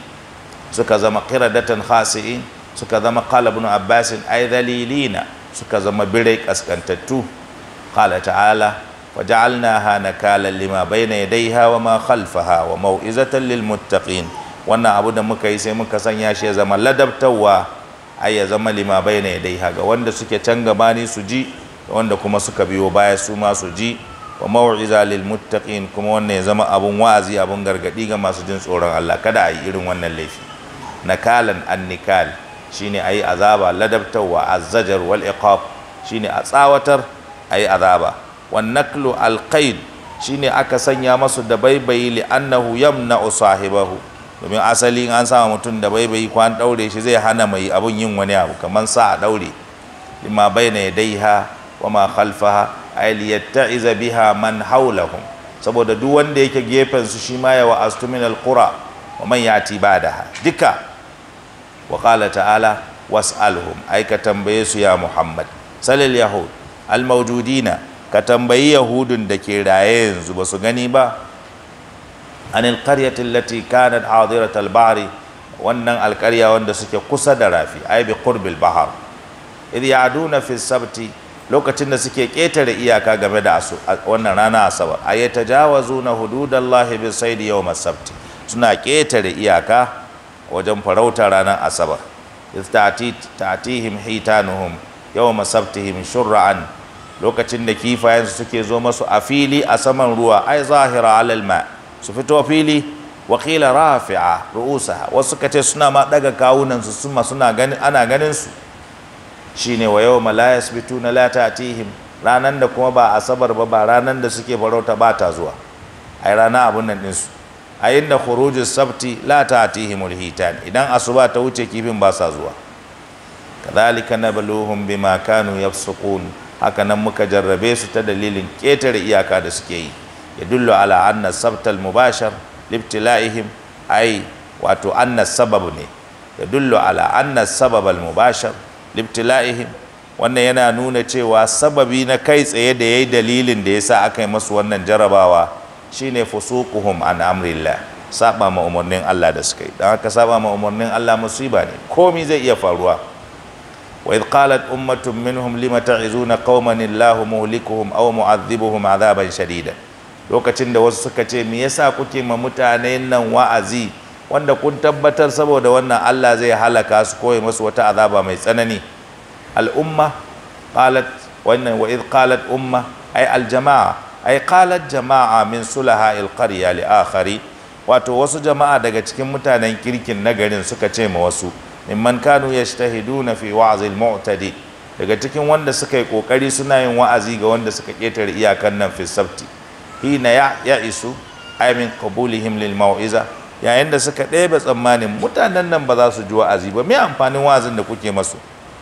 suka zama qiradatan khasi'in suka zama qala ibn abbas ai dalilina, suka zama birai kaskantattu qala ta'ala وجعلناها نكالا لما بين يديها وما خلفها وموئزة للمتقين wannan abu da muka yi sai muka sanya shi ya zama ladabtarwa ai ya zama lima bayna yadaiha ga wanda suke can gaba ne su ji wanda kuma suka biyo baya su ma su ji wa mau'iza lil muttaqin kuma wannan ya zama abun wa'azi abun gargadi ga masu jin tsoron Allah kada a yi irin wannan laifi nakalan annikal shine ayi azaba ladabtawa azzajar wal iqab shine a tsawatar ayi azaba wan naklu al qaid shine aka sanya masu da baibayi li annahu yamna sahibahu domin asali an sama mutum da baibayi bai kwan daure shi zai hana mai abun yin wani abu kamar sa a daure lima baina ha wa ma khalfaha ay liyatta'iza biha man hawlahum saboda duk wanda yake gefen su shi ma ya wa'astu min alqura wa man yati badaha duka wa qala ta'ala was'alhum ai ka tambaye su ya muhammad salil yahud al mawjudina ka tambayi yahudun da ke raye yanzu ba su gani ba anil qaryati allati kanat hadirat al-bahri wannan alƙarya wanda suke kusa da rafi ai bi qurbil bahar id ya'duna fi sabti lokacin da suke ƙetare iyaka game da wannan rana asabar ay na hududallahi bi saydi yawm sabti suna ƙetare iyaka wajen farauta ranar asabar hita hitanuhum yawm sabtihim shur'an lokacin da kifayensu suke zo masu a fili a saman ruwa ai zahira alal ma' su fito fili wakila rafi'a ru'usa wasu kace suna ma daga kawunan su suma suna gani ana ganin su shine wa yau la yasbituna la tatihim ranan da kuma ba asabar ba ba ranan da suke farauta ba ta zuwa ai rana abun nan din su a inda khurujus sabti la tatihimul alhitan idan asuba ta wuce kifin ba sa zuwa kadhalika nabluhum bima kanu yafsukun haka nan muka jarrabe su ta dalilin ketare iyaka da suke yi yadullu ala anna sabtal mubashar libtila'ihim ai wato anna sabab ne yadullu ala anna sababal mubashar libtila'ihim wannan yana nuna cewa sababi na kai tsaye da yayi dalilin da ya sa aka yi masu wannan jarabawa shine fusuquhum an amrillah saba ma umarnin Allah da suka yi dan haka saba ma umarnin Allah musiba ne komai zai iya faruwa wa idh qalat ummatun minhum lima ta'izuna qauman illahu muhlikuhum aw mu'adhibuhum adhaban shadidan lokacin da wasu suka ce me yasa kuke ma mutane nan wa'azi wanda kun tabbatar saboda wannan Allah zai halaka su ko ya wata azaba mai tsanani al'umma qalat wannan wa id umma ay aljama'a? jama'a ay jama'a min sulaha al qarya li akhari wato wasu jama'a daga cikin mutanen kirkin nagarin suka ce ma wasu mimman kanu yajtahiduna fi wa'z al mu'tadi daga cikin wanda suka yi kokari suna yin wa'azi ga wanda suka ketare iyakan nan fi sabti hina ya ya isu amin qabulihim lil mau'iza yayin da suka ɗebe tsammanin mutanen nan ba za su ji wa'azi ba me amfanin wa'azin da kuke masu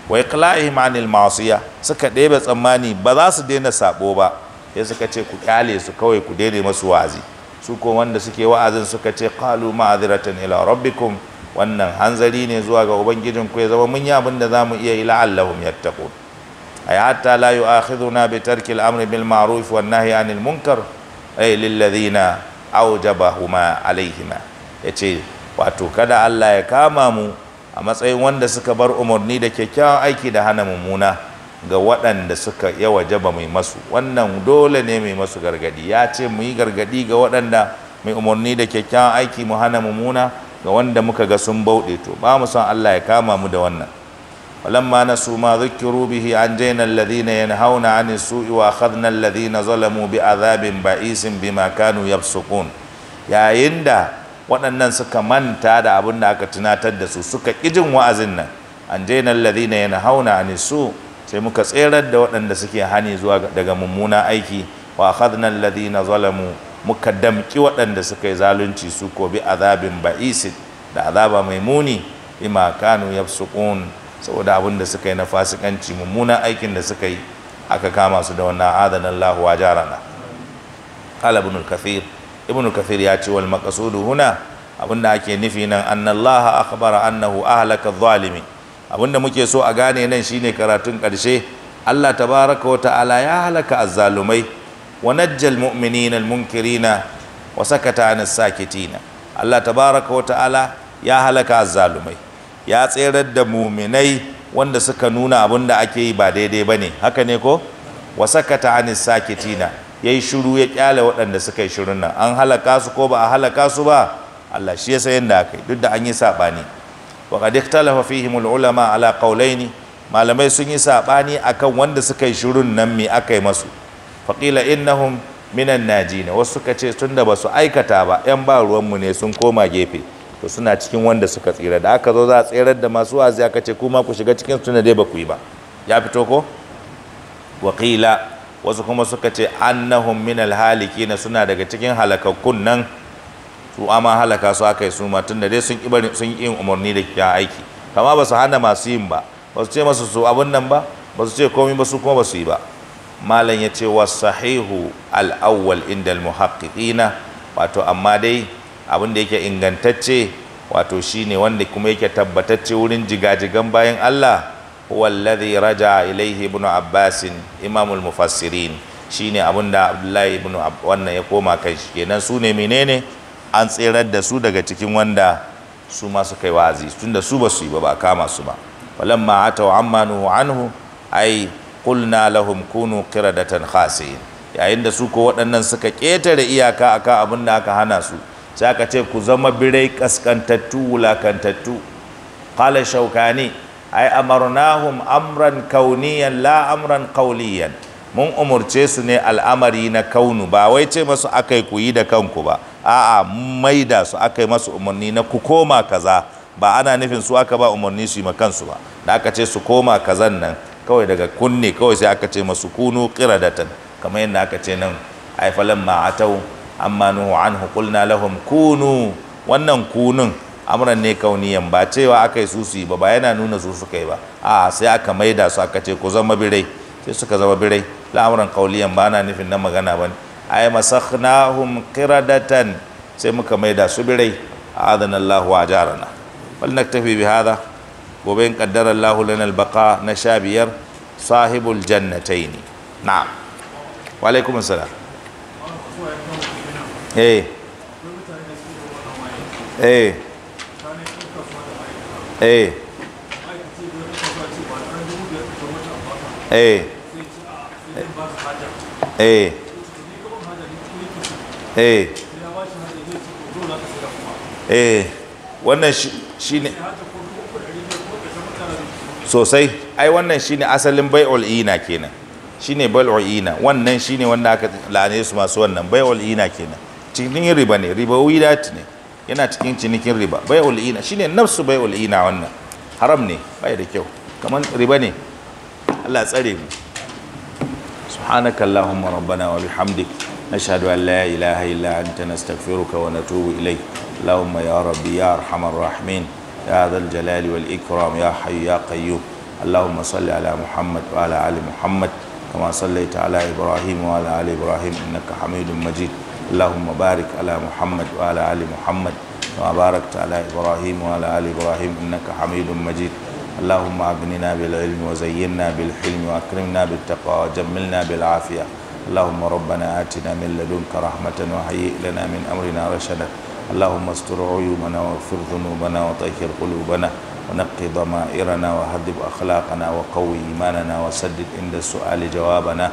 wa iqla'ihim anil ma'siya suka ɗebe tsammani ba za su daina sabo ba sai suka ce ku kyale su kawai ku daina masu wa'azi su ko wanda suke wa'azin suka ce qalu ma'dhiratan ila rabbikum wannan hanzari ne zuwa ga ku ya zama mun yi abin da zamu iya ila allahum yattaqun ay hatta la yu'akhiduna bi tarki al-amri bil ma'ruf wan nahyi anil munkar ay lillazina aujabahuma alaihima yace wato kada Allah ya kama mu a matsayin wanda suka bar umarni da kyakkyawan aiki da hana mummuna ga waɗanda suka ya wajaba mai masu wannan dole ne mai masu gargadi ya ce mu yi gargadi ga waɗanda mai umarni da kyakkyawan aiki mu hana mummuna ga wanda muka ga sun bauɗe to ba mu son Allah ya kama mu da wannan ولما نسوا ما ذكروا به أنجينا الذين ينهون عن السوء وأخذنا الذين ظلموا بعذاب بئيس بما كانوا يفسقون يا يندا waɗannan suka manta da abin da aka tunatar da su suka ƙijin wa'azin nan anjayna alladhina yanhauna anisu sai muka tserar da waɗanda suke hani zuwa daga mummuna aiki wa akhadna alladhina zalamu muka damki waɗanda suka yi zalunci su ko bi azabin ba'isid da azaba mai muni bima kanu saboda abin da suka yi na fasikanci mummunan aikin da suka yi aka kama su da wannan adanan lahu wa jarana qala ibn kathir ibn kathir ya ce wal maqsudu huna abinda ake nufi nan annallaha akhbara annahu ahlaka adh-dhalimin abinda muke so a gane nan shine karatun karshe Allah tabaraka wa ta'ala ya halaka azzalumai wa najjal mu'minina al-munkirina wa sakata sakitina Allah tabaraka wa ta'ala ya halaka azzalumai ya tserar da muminai wanda suka nuna abin da ake yi ba daidai ba ne haka ne ko wasakata anis sakitina ya yi shuru ya kyale waɗanda suka yi shirun nan an halaka su ko ba a halaka su ba Allah shi ya sayan da aka yi duk da an yi saɓani wa qad ikhtalafa fihim ulama ala qawlaini malamai sun yi saɓani akan wanda suka yi shirun nan mai aka yi masu faqila innahum minan najina wasu suka ce tunda ba su aikata ba yan ba ruwanmu ne sun koma gefe to suna cikin wanda suka tsira da aka zo za a tsirar da masu wazi aka ce kuma ku shiga cikin suna dai ba ku yi ba ya fito ko wakila wasu kuma suka ce annahum min alhaliki na suna daga cikin halakakkun nan su amma halaka su aka yi su ma tunda dai sun ibarin yin umarni da kiyan aiki kama ba su hana masu yin ba ba su ce masu su abun nan ba ba su ce komai ba su kuma ba su yi ba malam ya ce wasahihu al-awwal inda al-muhaqqiqina wato amma dai abin da yake ingantacce wato shine wanda kuma yake tabbatacce wurin jigajigan bayan Allah huwa alladhi raja ilaihi ibn Abbas imamul mufassirin shine abin da Abdullahi ibn wannan ya koma kai shi kenan su ne menene an tserar da su daga cikin wanda su ma suka yi wa'azi tunda su ba su yi ba ba kama su ba falamma atau amma nuhu anhu ai qulna lahum kunu qiradatan khasin yayin da su ko waɗannan suka ƙetare iyaka akan abin da aka hana su sai aka ce ku zama birai kaskantattu wulakantattu kala shaukani ai amarnahum amran kauniyan la amran kauliyan mun umurce su ne al'amari na kaunu ba wai ce masu akai ku yi da kanku ba a'a maida su akai masu umarni na ku koma kaza ba ana nufin su aka ba umarni su yi ma kansu ba da aka ce su koma kazan nan kawai daga kunne kawai sai aka ce masu kunu ta kamar yadda aka ce nan aifalan ma'atau amma nuhu anhu qulna lahum kunu wannan kunun amran ne kauniyan ba cewa aka yi susu ba ba yana nuna su suka yi ba a sai aka maida su aka ce ku zama birai sai suka zama birai la'amuran kauliyan ba na nufin na magana ba ne ai masakhnahum qiradatan sai muka maida su birai a'adana Allahu wa jarana bal naktafi bi hada gobe in qaddara Allahu lana al-baqa na sha biyar sahibul jannatayn na wa alaikumus eh eh eh eh eh eh eh wannan shi ne sosai ai wannan shi ne asalin bai'ul ina kenan shi ne bai'ul ina wannan shi ne wanda aka lane su masu wannan bai'ul ina kenan cikin riba ne ribawidat ne yana cikin cinikin riba bai ul'ina shine nafsu bai ul'ina wannan haram ne bai da kyau kaman riba ne Allah tsare mu subhanaka allahumma rabbana wa bihamdik nashhadu an la ilaha illa anta nastaghfiruka wa natubu ilayk allahumma ya rabbi ya arhamar rahimin ya dhal jalali wal ikram ya hayyu ya qayyum اللهم صل على محمد وعلى ال محمد كما صليت على ابراهيم وعلى ال ابراهيم انك حميد مجيد اللهم بارك على محمد وعلى آل محمد كما باركت على إبراهيم وعلى آل إبراهيم إنك حميد مجيد اللهم أغننا بالعلم وزينا بالحلم وأكرمنا بالتقوى وجملنا بالعافية اللهم ربنا آتنا من لدنك رحمة وهيئ لنا من أمرنا رشدا اللهم استر عيوبنا واغفر ذنوبنا وطهر قلوبنا ونقي ضمائرنا وهذب أخلاقنا وقوي إيماننا وسدد عند السؤال جوابنا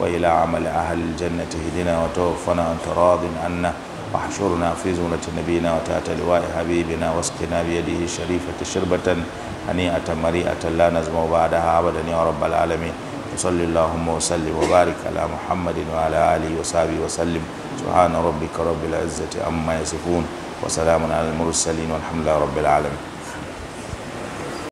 وإلى عمل أهل الجنة هدنا وتوفنا أنت راض عنا واحشرنا في زمرة نبينا وتأتى لواء حبيبنا واسقنا بيده الشريفة شربة هنيئة مريئة لا نزم بعدها أبدا يا رب العالمين وصلي اللهم وسلم وبارك على محمد وعلى آله وصحبه وسلم سبحان ربك رب العزة عما يصفون وسلام على المرسلين والحمد لله رب العالمين